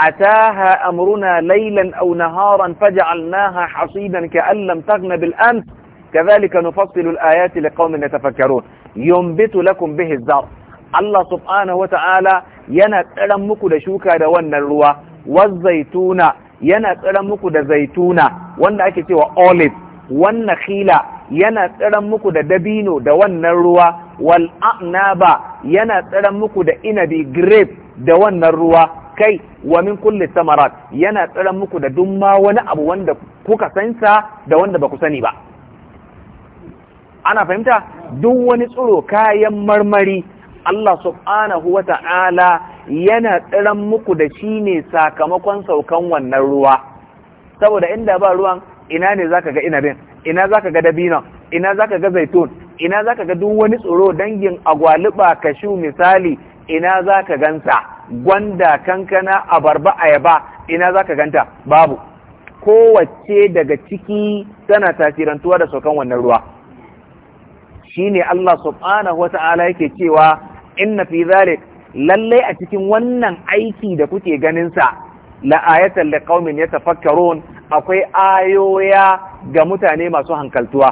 [SPEAKER 1] أتاها أمرنا ليلا أو نهارا فجعلناها حصيدا كأن لم تغن بالأمس كذلك نفصل الآيات لقوم يتفكرون yumbitu lakum bihi zar Allah subhanahu wata'ala yana tsiran muku da shuka da wannan ruwa zaituna yana tsiran muku da zaituna wanda ake cewa olive wannan khila yana tsiran muku da dabino da wannan ruwa wal anaba yana tsiran muku da inabi grape da wannan ruwa kai wa min kulli samarat yana tsiran muku da duk wani abu wanda kuka sansa da wanda ba ku sani ba ana fahimta duk wani tsoro kayan marmari Allah subhanahu wa ta'ala yana tsiran muku da shi ne sakamakon saukan wannan ruwa saboda inda ba ruwan ina ne zaka ga inabin ina zaka ga dabino, ina zaka ga zaitun ina zaka ga duk wani tsoro, dangin agwaluba kashu misali ina zaka ganta gwanda kankana abarba ayaba ina zaka ganta babu kowace daga ciki tana tasirantuwa da saukan wannan ruwa shine Allah subhanahu Ta'ala yake cewa inna fi zalik lallai a cikin wannan aiki da kuke ganinsa, sa la ayatan liqaumin akwai ayoya ga mutane masu hankaltuwa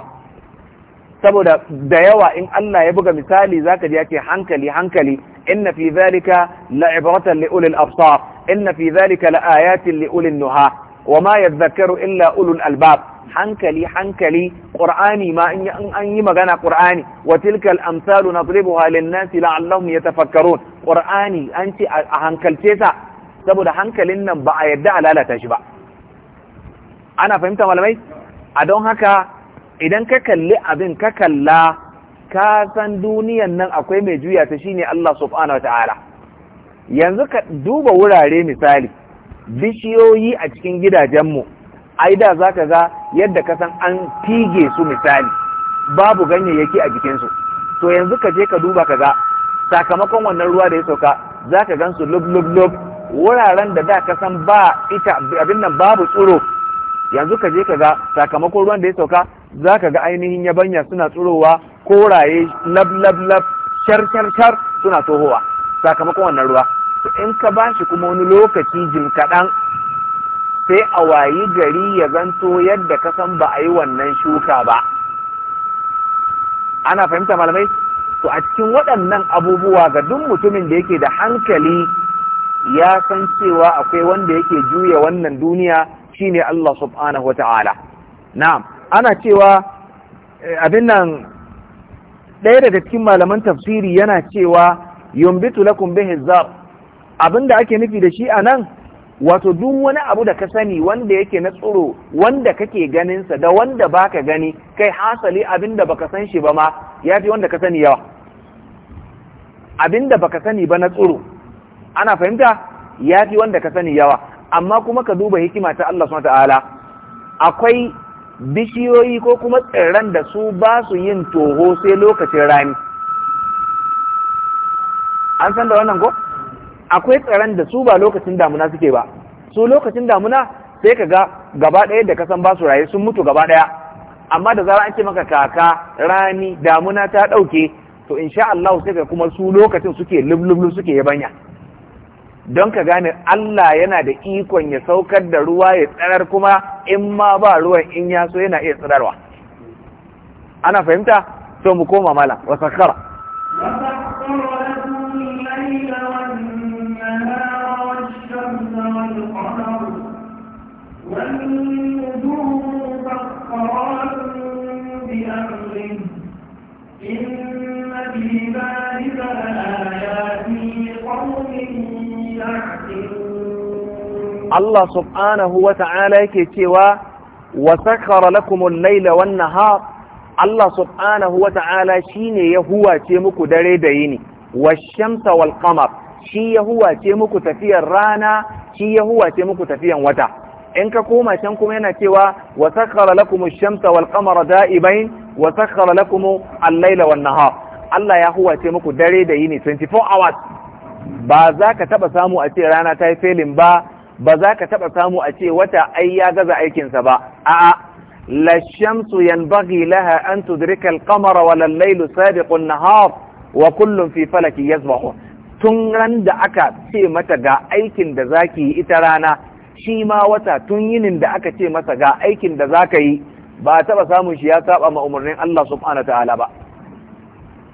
[SPEAKER 1] saboda da yawa in Allah ya buga misali zaka ji yake hankali hankali inna fi zalika la ibratan li inna fi zalika la ayatin nuha wa ma yadhakkaru illa ulul albab hankali hankali qur'ani ma in an yi magana qur'ani wa tilkal amsalu nadribuha lin nasi la'allahum yatafakkarun qur'ani an ce a hankalce saboda hankalin nan ba a yadda a lalata shi ba ana fahimta malamai a don haka idan ka kalli abin ka kalla ka san duniyan nan akwai mai juya ta shine Allah subhanahu wataala yanzu ka duba wurare misali bishiyoyi a cikin gidajenmu ai da za ka ga yadda ka san an fige su misali babu ganyayyaki a jikinsu to yanzu ka je ka duba ka ga sakamakon wannan ruwa da ya sauka za ka gan su lub lub lub wuraren da da ka san ba ita abin nan babu tsoro. yanzu ka je ka ga sakamakon ruwan da ya sauka za ka ga ainihin yabanya suna tsirowa koraye lab lab lab shar shar shar suna tohowa sakamakon wannan ruwa in ka ba shi kuma wani lokaci jim kaɗan sai a wayi gari ya zanto yadda ka san ba a yi wannan shuka ba ana fahimta malamai to a cikin waɗannan abubuwa ga duk mutumin da yake da hankali ya san cewa akwai wanda yake juya wannan duniya shine Allah subhanahu wa ta'ala na'am ana cewa eh, abin nan ɗaya daga cikin malaman tafsiri yana cewa yumbitu lakum bihi zar abin da ake nufi da shi a nan wato duk wani abu da ka sani wanda yake na tsoro wanda kake ganinsa da wanda baka gani kai hasali abin da baka san shi ba ma ya fi wanda ka sani yawa abin da baka sani ba na tsoro ana fahimta ya fi wanda ka sani yawa amma kuma ka duba hikima ta Allah subhanahu ta'ala akwai bishiyoyi ko kuma tsirran da su ba su yin toho sai lokacin rani an san da wannan ko akwai tsaron da su ba lokacin damuna suke ba su lokacin damuna sai ka ga gaba ɗaya da kasan ba su raye sun mutu gaba ɗaya amma da zarar an ce maka kaka rani damuna ta ɗauke to insha Allah sai ka kuma su lokacin suke lublublu suke yabanya don ka gane Allah yana da ikon ya saukar da ruwa ya tsarar kuma in ma ba ruwan in ya so yana iya tsararwa ana fahimta to mu koma mala wa
[SPEAKER 2] sakara Allah
[SPEAKER 1] subhanahu wa ta'ala yake cewa wa sakhara laila wan nahar Allah subhanahu wa ta'ala shine ya huwace muku dare da yini wash-shamsa wal qamar shi ya huwace muku tafiyar rana shi ya huwace muku tafiyan wata in ka koma can kuma yana cewa wa sakhara lakum ash-shamsa wal qamara da'ibain wa lakum al-laila wan nahar Allah ya huwace muku dare da yini 24 hours ba za ka taba samu a ce rana ta yi felin ba ba za ka taɓa samu a ce wata ai ya gaza aikinsa ba a la shamsu yanbaghi laha an tudrika al-qamara wa al-laylu an-nahar wa kullun fi falaki yasbahu tun ran da aka ce mata ga aikin da zaki yi ita rana shi ma wata tun yinin da aka ce masa ga aikin da zaka yi ba taɓa samun shi ya saba ma umarnin Allah subhanahu ta'ala ba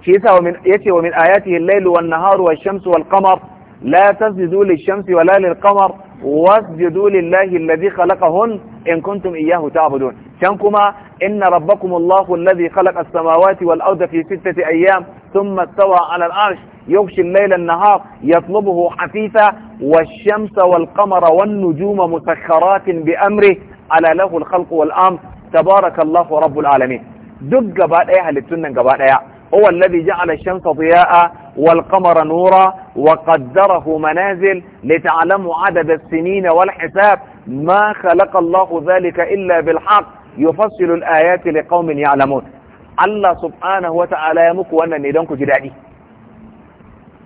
[SPEAKER 1] shi yasa yace wa min ayatihi al-laylu wan-naharu wash-shamsu wal-qamar لا تسجدوا للشمس ولا للقمر واسجدوا لله الذي خلقهن إن كنتم إياه تعبدون شنكما إن ربكم الله الذي خلق السماوات والأرض في ستة أيام ثم استوى على العرش يغشي الليل النهار يطلبه حثيثا والشمس والقمر والنجوم مسخرات بأمره على له الخلق والأمر تبارك الله رب العالمين دق قبال ايه هل السنة قبال هو الذي جعل الشمس ضياء والقمر نورا وقدره منازل لتعلموا عدد السنين والحساب ما خلق الله ذلك إلا بالحق يفصل الآيات لقوم يعلمون الله سبحانه وتعالى يمك وانا نيدانك جدادي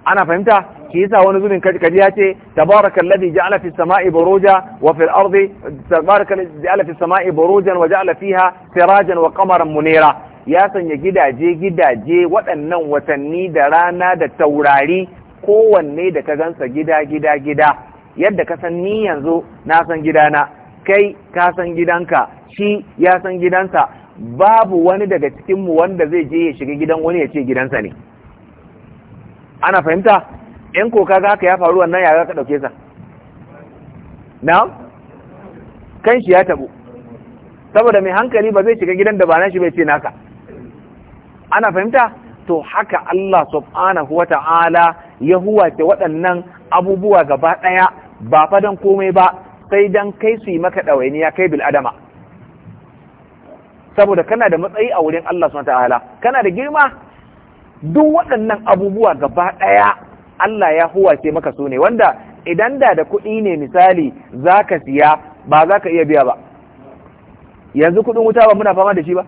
[SPEAKER 1] أنا فهمتها كيسا ونزول كجياتي تبارك الذي جعل في السماء بروجا وفي الأرض تبارك الذي جعل في السماء بروجا وجعل فيها سراجا وقمرا منيرا ya sanya gidaje gidaje waɗannan watanni da rana da taurari kowanne da ka gansa gida gida gida yadda ka san ni yanzu na san gidana kai ka san gidanka shi ya san gidansa babu wani daga cikinmu wanda zai je ya shiga gidan wani ya ce gidansa ne ana fahimta in ko ka ka ya faru wannan yara ka ɗauke sa na kan shi ya tabu saboda mai hankali ba zai shiga gidan da ba na shi bai ce naka ana fahimta to haka Allah subhanahu wa ta'ala ya huwace waɗannan abubuwa gaba ɗaya ba don komai ba sai don kai su yi maka ɗawainiya kai bil adama saboda kana da matsayi a wurin Allah subhanahu ta'ala kana da girma duk waɗannan abubuwa gaba ɗaya Allah ya huwace maka su ne wanda idan da da kuɗi ne misali za ka siya ba za ka iya biya ba yanzu kuɗin wuta ba muna fama da shi ba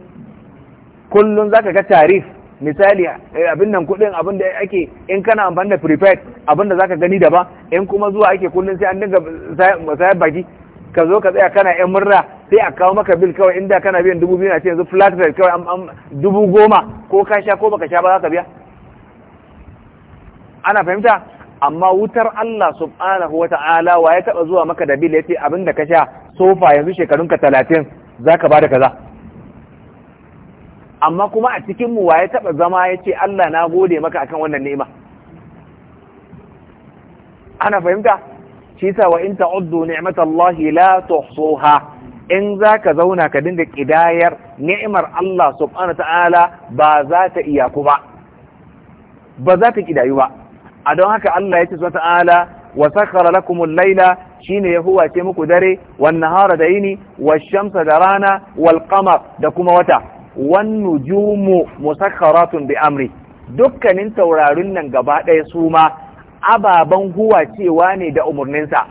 [SPEAKER 1] kullum zaka ga tarif misali eh, abin nan kudin abin da ake in kana amfani da prepaid abin da zaka gani daban in kuma zuwa ake kullum sai an dinga sayar baki ka zo ka tsaya kana yan murna, sai a kawo maka bil kawai inda kana biyan dubu biyu na ce yanzu flat rate kawai dubu goma ko ka sha ko baka sha ba za ka biya ana fahimta amma wutar Allah subhanahu wa ta'ala wa ya taba zuwa maka da bil yace abin da ka sha sofa yanzu shekarunka talatin zaka da kaza amma kuma a cikin mu waye taba zama ya ce Allah na gode maka akan wannan ni'ima ana fahimta shi yasa wa in ta'uddu ni'matallahi la tuhsuha in zaka zauna ka dinga kidayar ni'imar Allah subhanahu ta'ala ba za ta iyaku ba ba za ta kidayu ba a don haka Allah ya ce subhanahu ta'ala wa sakhara lakumul shi shine ya huwace muku dare wan nahara da yini wash shamsa da rana wal qamar da kuma wata wan nujumu musakharatun bi amri dukkanin taurarin nan gaba ɗaya su ma ababen huwa cewa ne da umarninsa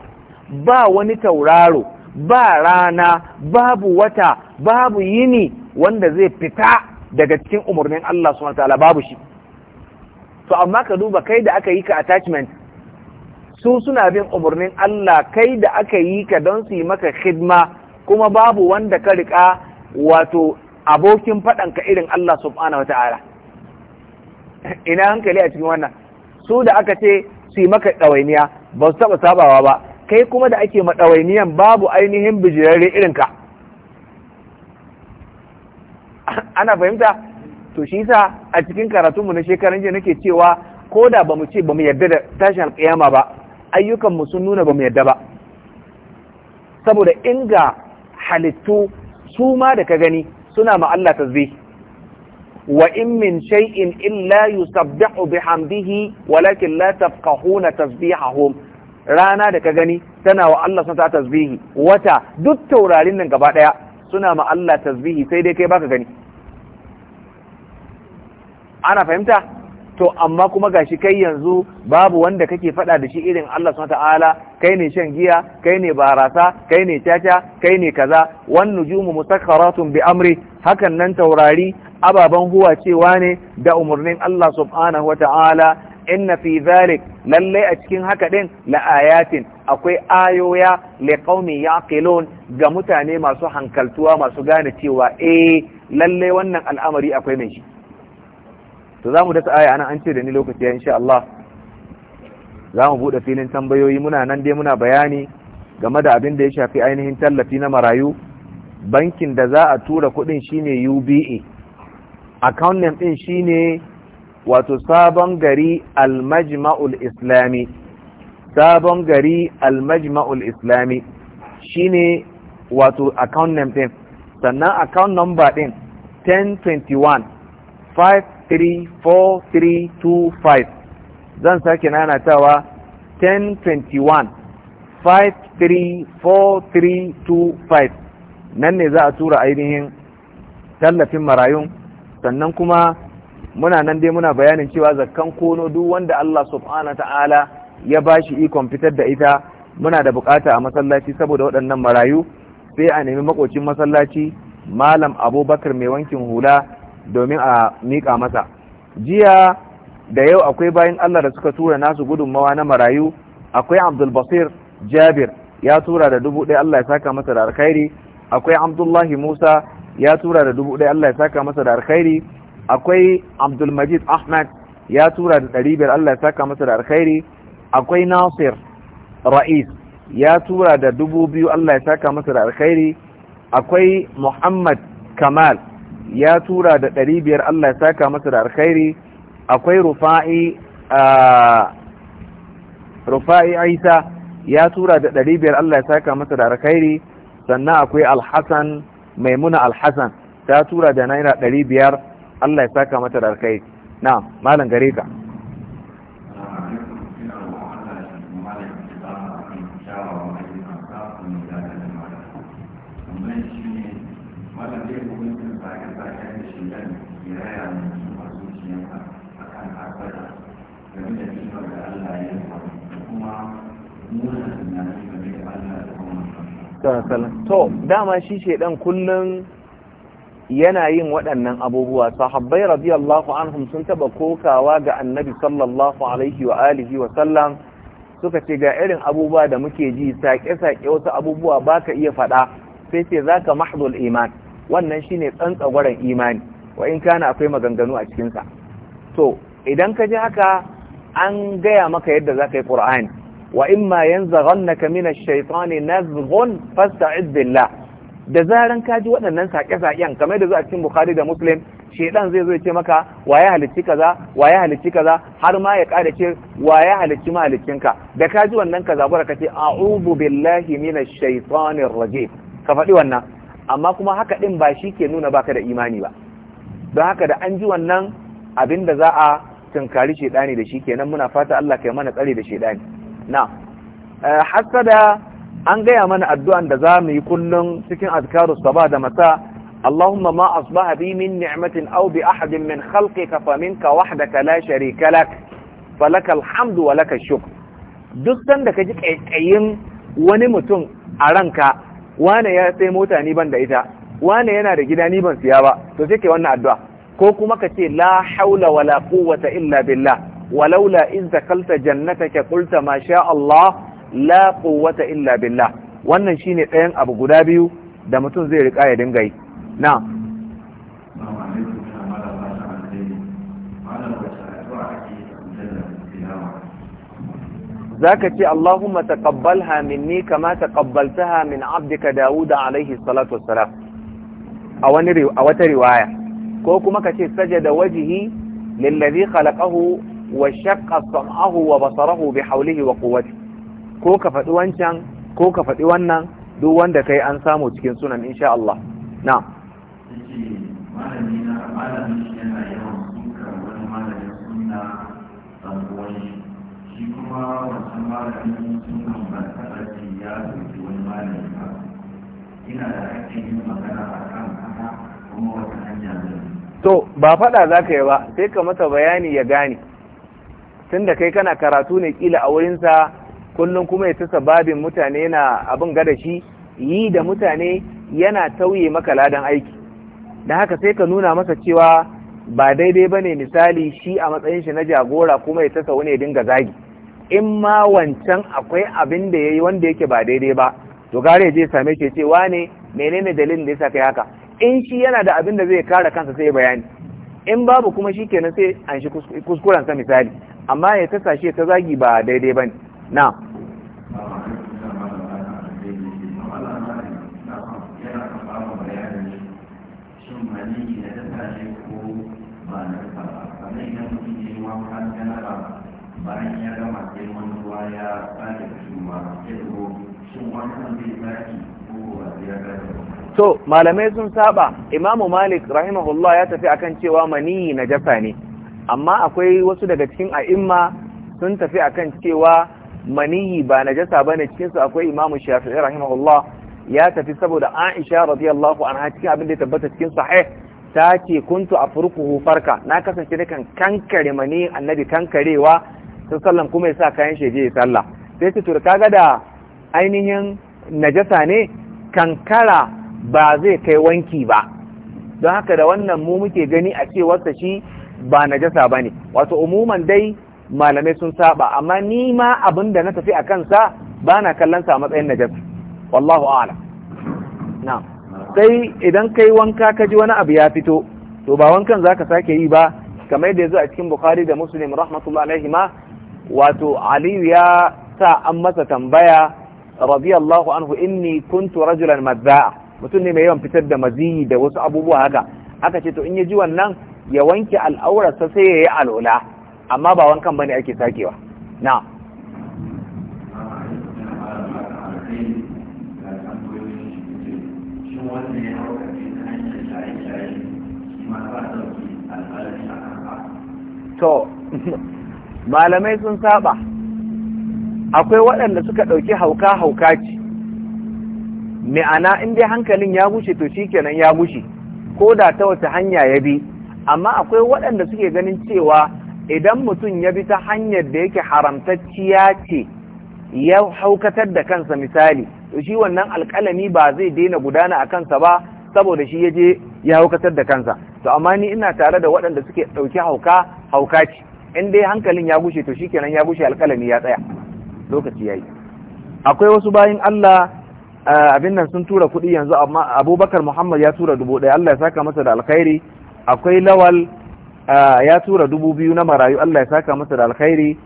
[SPEAKER 1] ba wani tauraro ba rana babu wata babu yini wanda zai fita daga cikin umarnin Allah subhanahu wataala babu shi to amma ka duba kai da aka yi ka attachment su suna bin umarnin Allah kai da aka yi ka don su yi maka khidma kuma babu wanda ka riƙa wato abokin faɗanka irin Allah subhanahu wa ta'ala ina hankali a cikin wannan su da aka ce su yi maka ɗawainiya ba su taɓa sabawa ba kai kuma da ake maɗawainiyan babu ainihin bijirarre irinka ana fahimta to shi sa a cikin karatunmu na shekaran jiya nake cewa ko da ba mu ce ba mu yarda da tashin alƙiyama ba ayyukanmu sun nuna ba mu yarda ba saboda inga halittu su ma da ka gani suna ma Allah tasbih wa in min shay'in illa yusabbihu bihamdihi walakin la tafqahuna tasbihahum rana da ka gani tana wa Allah sun ta tasbihi wata duk taurarin nan gaba daya suna ma Allah tasbihi sai dai kai baka gani ana fahimta to amma kuma gashi kai yanzu babu wanda kake faɗa da shi irin Allah subhanahu ta'ala kai ne shan giya kai ne barasa kai ne caca kai ne kaza wan nujumu musakharatun bi amri hakan nan taurari ababan huwa cewa ne da umurnin Allah subhanahu ta'ala inna fi zalik lalle a cikin haka din la ayatin akwai ayoya li qaumi yaqilun ga mutane masu hankaltuwa masu gane cewa eh lalle wannan al'amari akwai mai shi to za mu dasa aya ana an ce da ni lokaci ya insha Allah za mu buɗe filin tambayoyi muna nan dai muna bayani game da abin da ya shafi ainihin tallafi na marayu bankin da za a tura kuɗin shine UBA account name ɗin shine wato sabon gari almajma'ul islami sabon gari almajma'ul islami shine wato account name ɗin sannan account number ɗin 1021 5 zan sake nanatawa 1021-534325 nan ne za a tura ainihin tallafin marayun sannan kuma muna nan dai muna bayanin cewa zakkan kono duk wanda Allah subhanahu ta'ala ya bashi ikon fitar da ita muna da bukata a masallaci saboda waɗannan marayu sai a nemi makocin masallaci malam abubakar mai wankin hula domin a miƙa masa jiya da yau akwai bayan Allah da suka tura nasu gudunmawa na marayu akwai Abdul Jabir ya tura da dubu ɗaya Allah ya saka masa da alkhairi akwai Abdullahi Musa ya tura da dubu ɗaya Allah ya saka masa da alkhairi akwai Abdul Majid Ahmad ya tura da ɗari biyar Allah ya saka masa da alkhairi akwai Nasir Ra'is ya tura da dubu biyu Allah ya saka masa da alkhairi akwai Muhammad Kamal ya tura da ɗari biyar Allah ya saka masa da alkhairi akwai rufa'i rufa'i isa ya tura da ɗari biyar Allah ya saka masa da alkhairi sannan akwai alhassan maimuna alhassan ta tura da naira ɗari biyar Allah ya saka mata da alkhairi na malam gare ka to dama shi ɗan kullun yana yin waɗannan abubuwa sahabbai radiyallahu anhum sun taba kokawa ga annabi sallallahu alaihi wa alihi wa sallam suka ce ga irin abubuwa da muke ji sake-sake wasu abubuwa baka iya faɗa sai ce zaka mahzul iman wannan shine tsantsagwaren imani wa in kana akwai maganganu a cikinsa to idan ka ji haka an gaya maka yadda zaka yi qur'ani wa imma yanzaghannaka min ash-shaytani nazghun da zaran ka ji waɗannan saƙe-saƙen, kamar da zuwa cikin Bukhari da Muslim shedan zai zo ya ce maka waye halicci kaza waye halicci kaza har ma ya ƙara ce waye halicci ka? da ka ji wannan kaza gura ka ce a'udhu billahi minash shaitanir rajim ka faɗi wannan amma kuma haka din ba shi ke nuna baka da imani ba don haka da an ji wannan abin da za a tunkari shedani da shi kenan muna fata Allah kai mana tsare da shedani na eh, hasada an gaya mana addu'an da za mu yi kullum cikin azkarus saba da masa Allahumma ma asbaha bi min ni'matin aw bi min khalqika kafaminka minka wahdaka la sharika lak falakal hamdu wa duk sanda ka ji kaikayin wani mutum a ranka wane ya sai mota ni ban da ita wane yana da gida ni ban siya ba to sai ke wannan addu'a ko kuma ka ce la haula wala quwwata illa billah walaula in takalta jannataka qulta ma sha Allah la quwwata illa billah wannan shine ɗayan abu guda biyu da mutum zai rika ya dinga yi na zaka ce Allahumma taqabbalha minni kama taqabbaltaha min abdika Dawud alaihi salatu wassalam a wani a wata riwaya ko kuma ka ce sajada wajihi, lillazi khalaqahu wa shaqqa sam'ahu wa basarahu bi wa ko ka faɗi wancan ko ka faɗi wannan duk wanda kai an samu cikin sunan insha Allah na'am
[SPEAKER 3] kuma ya wani malami ina da yin magana a kuma wata hanya
[SPEAKER 1] to ba faɗa za ka yi ba sai ka masa bayani ya gane Tun da kai kana karatu ne kila a wurinsa kullum kuma ya tasa babin mutane na abin gada shi yi da mutane yana tauye maka ladan aiki da haka sai ka nuna masa cewa ba daidai ba ne misali shi a matsayin shi na jagora kuma ya tasa wani ya dinga zagi in ma wancan akwai abin da ya yi wanda yake ba daidai ba to gare je same shi cewa wane menene dalilin da ya sa kai haka in shi yana da abin da zai kare kansa sai bayani in babu kuma shi kenan sai an shi kuskuren sa misali amma ya ta sashe ta zagi ba daidai ba ne na bayan ya to malamai sun saba imamu malik rahimahullah ya tafi akan cewa maniyi najasa ne amma akwai wasu daga cikin a'imma sun tafi akan cewa maniyi ba na jasa ba ne. Cikinsu akwai imamu shafi'i rahimahullah ya tafi saboda aisha radiyallahu anha cikin abin da ya tabbata cikin sahih ta ce kuntu furkuhu farka na kasance nakan kankare mani annabi kankarewa sun sallan kuma ya sa kayan shege ya sallah sai ce to kaga da ainihin najasa ne kankara ba zai kai wanki ba don haka da wannan mu muke gani a cewarsa shi ba na jasa ba ne wato umuman dai malamai sun saba amma ni ma abin da na tafi a kansa ba na kallon sa matsayin najasa wallahu a'lam sai idan kai wanka ka ji wani abu ya fito to ba wankan zaka sake yi ba kamar yadda yazo a cikin bukhari da muslim rahmatullahi alaihima wato aliyu ya sa an masa tambaya radiyallahu anhu inni kuntu rajulan madza'a mutum ne mai yawan fitar da maziyi da wasu abubuwa haka aka ce to in ya ji wannan ya wanke al'aurarsa sai ya yi al'ula amma ba wankan bane ake sakewa na to malamai sun saba akwai waɗanda suka ɗauki hauka hauka ce ma'ana in dai hankalin ya gushe to shikenan ya gushe ko da ta wata hanya ya bi amma akwai waɗanda suke ganin cewa idan mutum ya bi ta hanyar da yake haramtacciya ce ya haukatar da kansa misali to shi wannan alƙalami ba zai daina gudana a kansa ba saboda shi ya je ya haukatar da kansa to amma ni ina tare da waɗanda suke ɗauki hauka hauka ce in dai hankalin ya gushe to shikenan ya gushe alƙalami ya tsaya lokaci yayi akwai wasu bayin Allah Eh, abin nan sun tura kuɗi yanzu amma abubakar muhammad ya tura dubu ɗaya allah ya saka masa da alkhairi akwai lawal eh, ya tura dubu biyu na marayu allah ya saka masa da alkhairi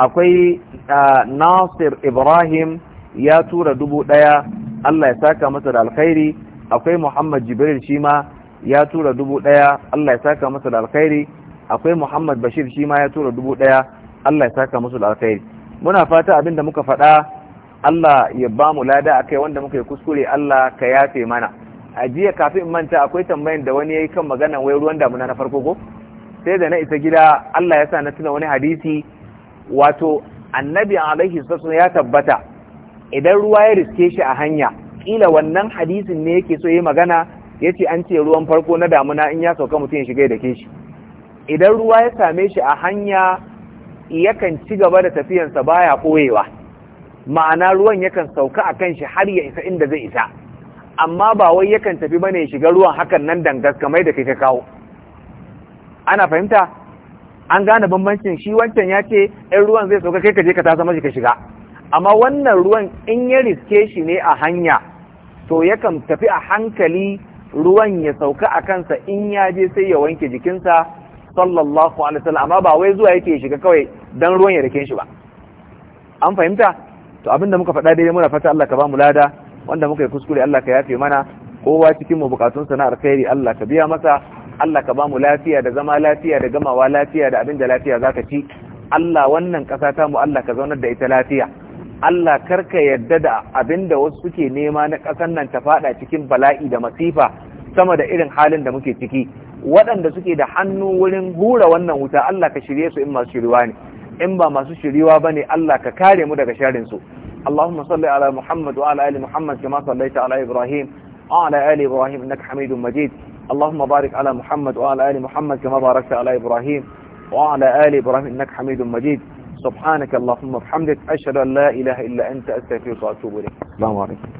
[SPEAKER 1] akwai eh, nasir ibrahim ya tura dubu ɗaya allah ya saka masa da alkhairi akwai muhammad jibril shi ma ya tura dubu ɗaya allah ya saka masa da alkhairi akwai muhammad bashir shi ma ya tura dubu ɗaya allah ya saka masa da alkhairi muna fata abin da muka faɗa Allah ya ba mu lada kai wanda muka yi kuskure Allah ka yafe mana a jiya kafin in manta akwai tambayin da wani ya yi kan magana wai ruwan damuna na farko ko sai da na isa gida Allah ya sa na tuna wani hadisi wato annabi alaihi sassu ya tabbata idan ruwa ya riske shi a hanya kila wannan hadisin ne yake so ya yi magana ya ce an ce ruwan farko na damuna in ya sauka mutum ya shiga da ke shi idan ruwa ya same shi a hanya yakan ci gaba da tafiyansa baya koyewa ma'ana ruwan yakan sauka a kan shi har ya isa inda zai isa amma ba wai yakan tafi bane ya shiga ruwan hakan nan dangas mai da kai ka kawo ana fahimta an gane bambancin shi wancan ya ce ɗan ruwan zai sauka kai ka je ka tasa mashi ka shiga amma wannan ruwan in ya riske shi ne a hanya to yakan tafi a hankali ruwan ya sauka a kansa in ya je sai ya wanke jikinsa sallallahu alaihi wasallam amma ba wai zuwa yake ya shiga kawai dan ruwan ya rike shi ba an fahimta to abinda muka faɗa daidai muna fata Allah ka ba mu lada wanda muka yi kuskure Allah ka yafe mana kowa cikin mu bukatun na alkhairi Allah ka biya masa Allah ka ba mu lafiya da zama lafiya da gamawa lafiya da abinda lafiya zaka ci Allah wannan ƙasa ta mu Allah ka zaunar da ita lafiya Allah karka yadda da abinda wasu suke nema na ƙasar nan ta faɗa cikin bala'i da masifa sama da irin halin da muke ciki waɗanda suke da hannu wurin hura wannan wuta Allah ka shirye su in masu shiriwa ne in ba masu shiriwa ne Allah ka kare mu daga sharrin su Allahumma salli ala Muhammad wa ala ali Muhammad kama sallaita ala Ibrahim wa ala ali Ibrahim innaka Hamidum Majid Allahumma barik ala Muhammad wa ala ali Muhammad kama barakta ala Ibrahim wa ala ali Ibrahim innaka Hamidum Majid سبحانك اللهم وبحمدك أشهد أن لا إله إلا أنت أستغفرك وأتوب إليك السلام عليكم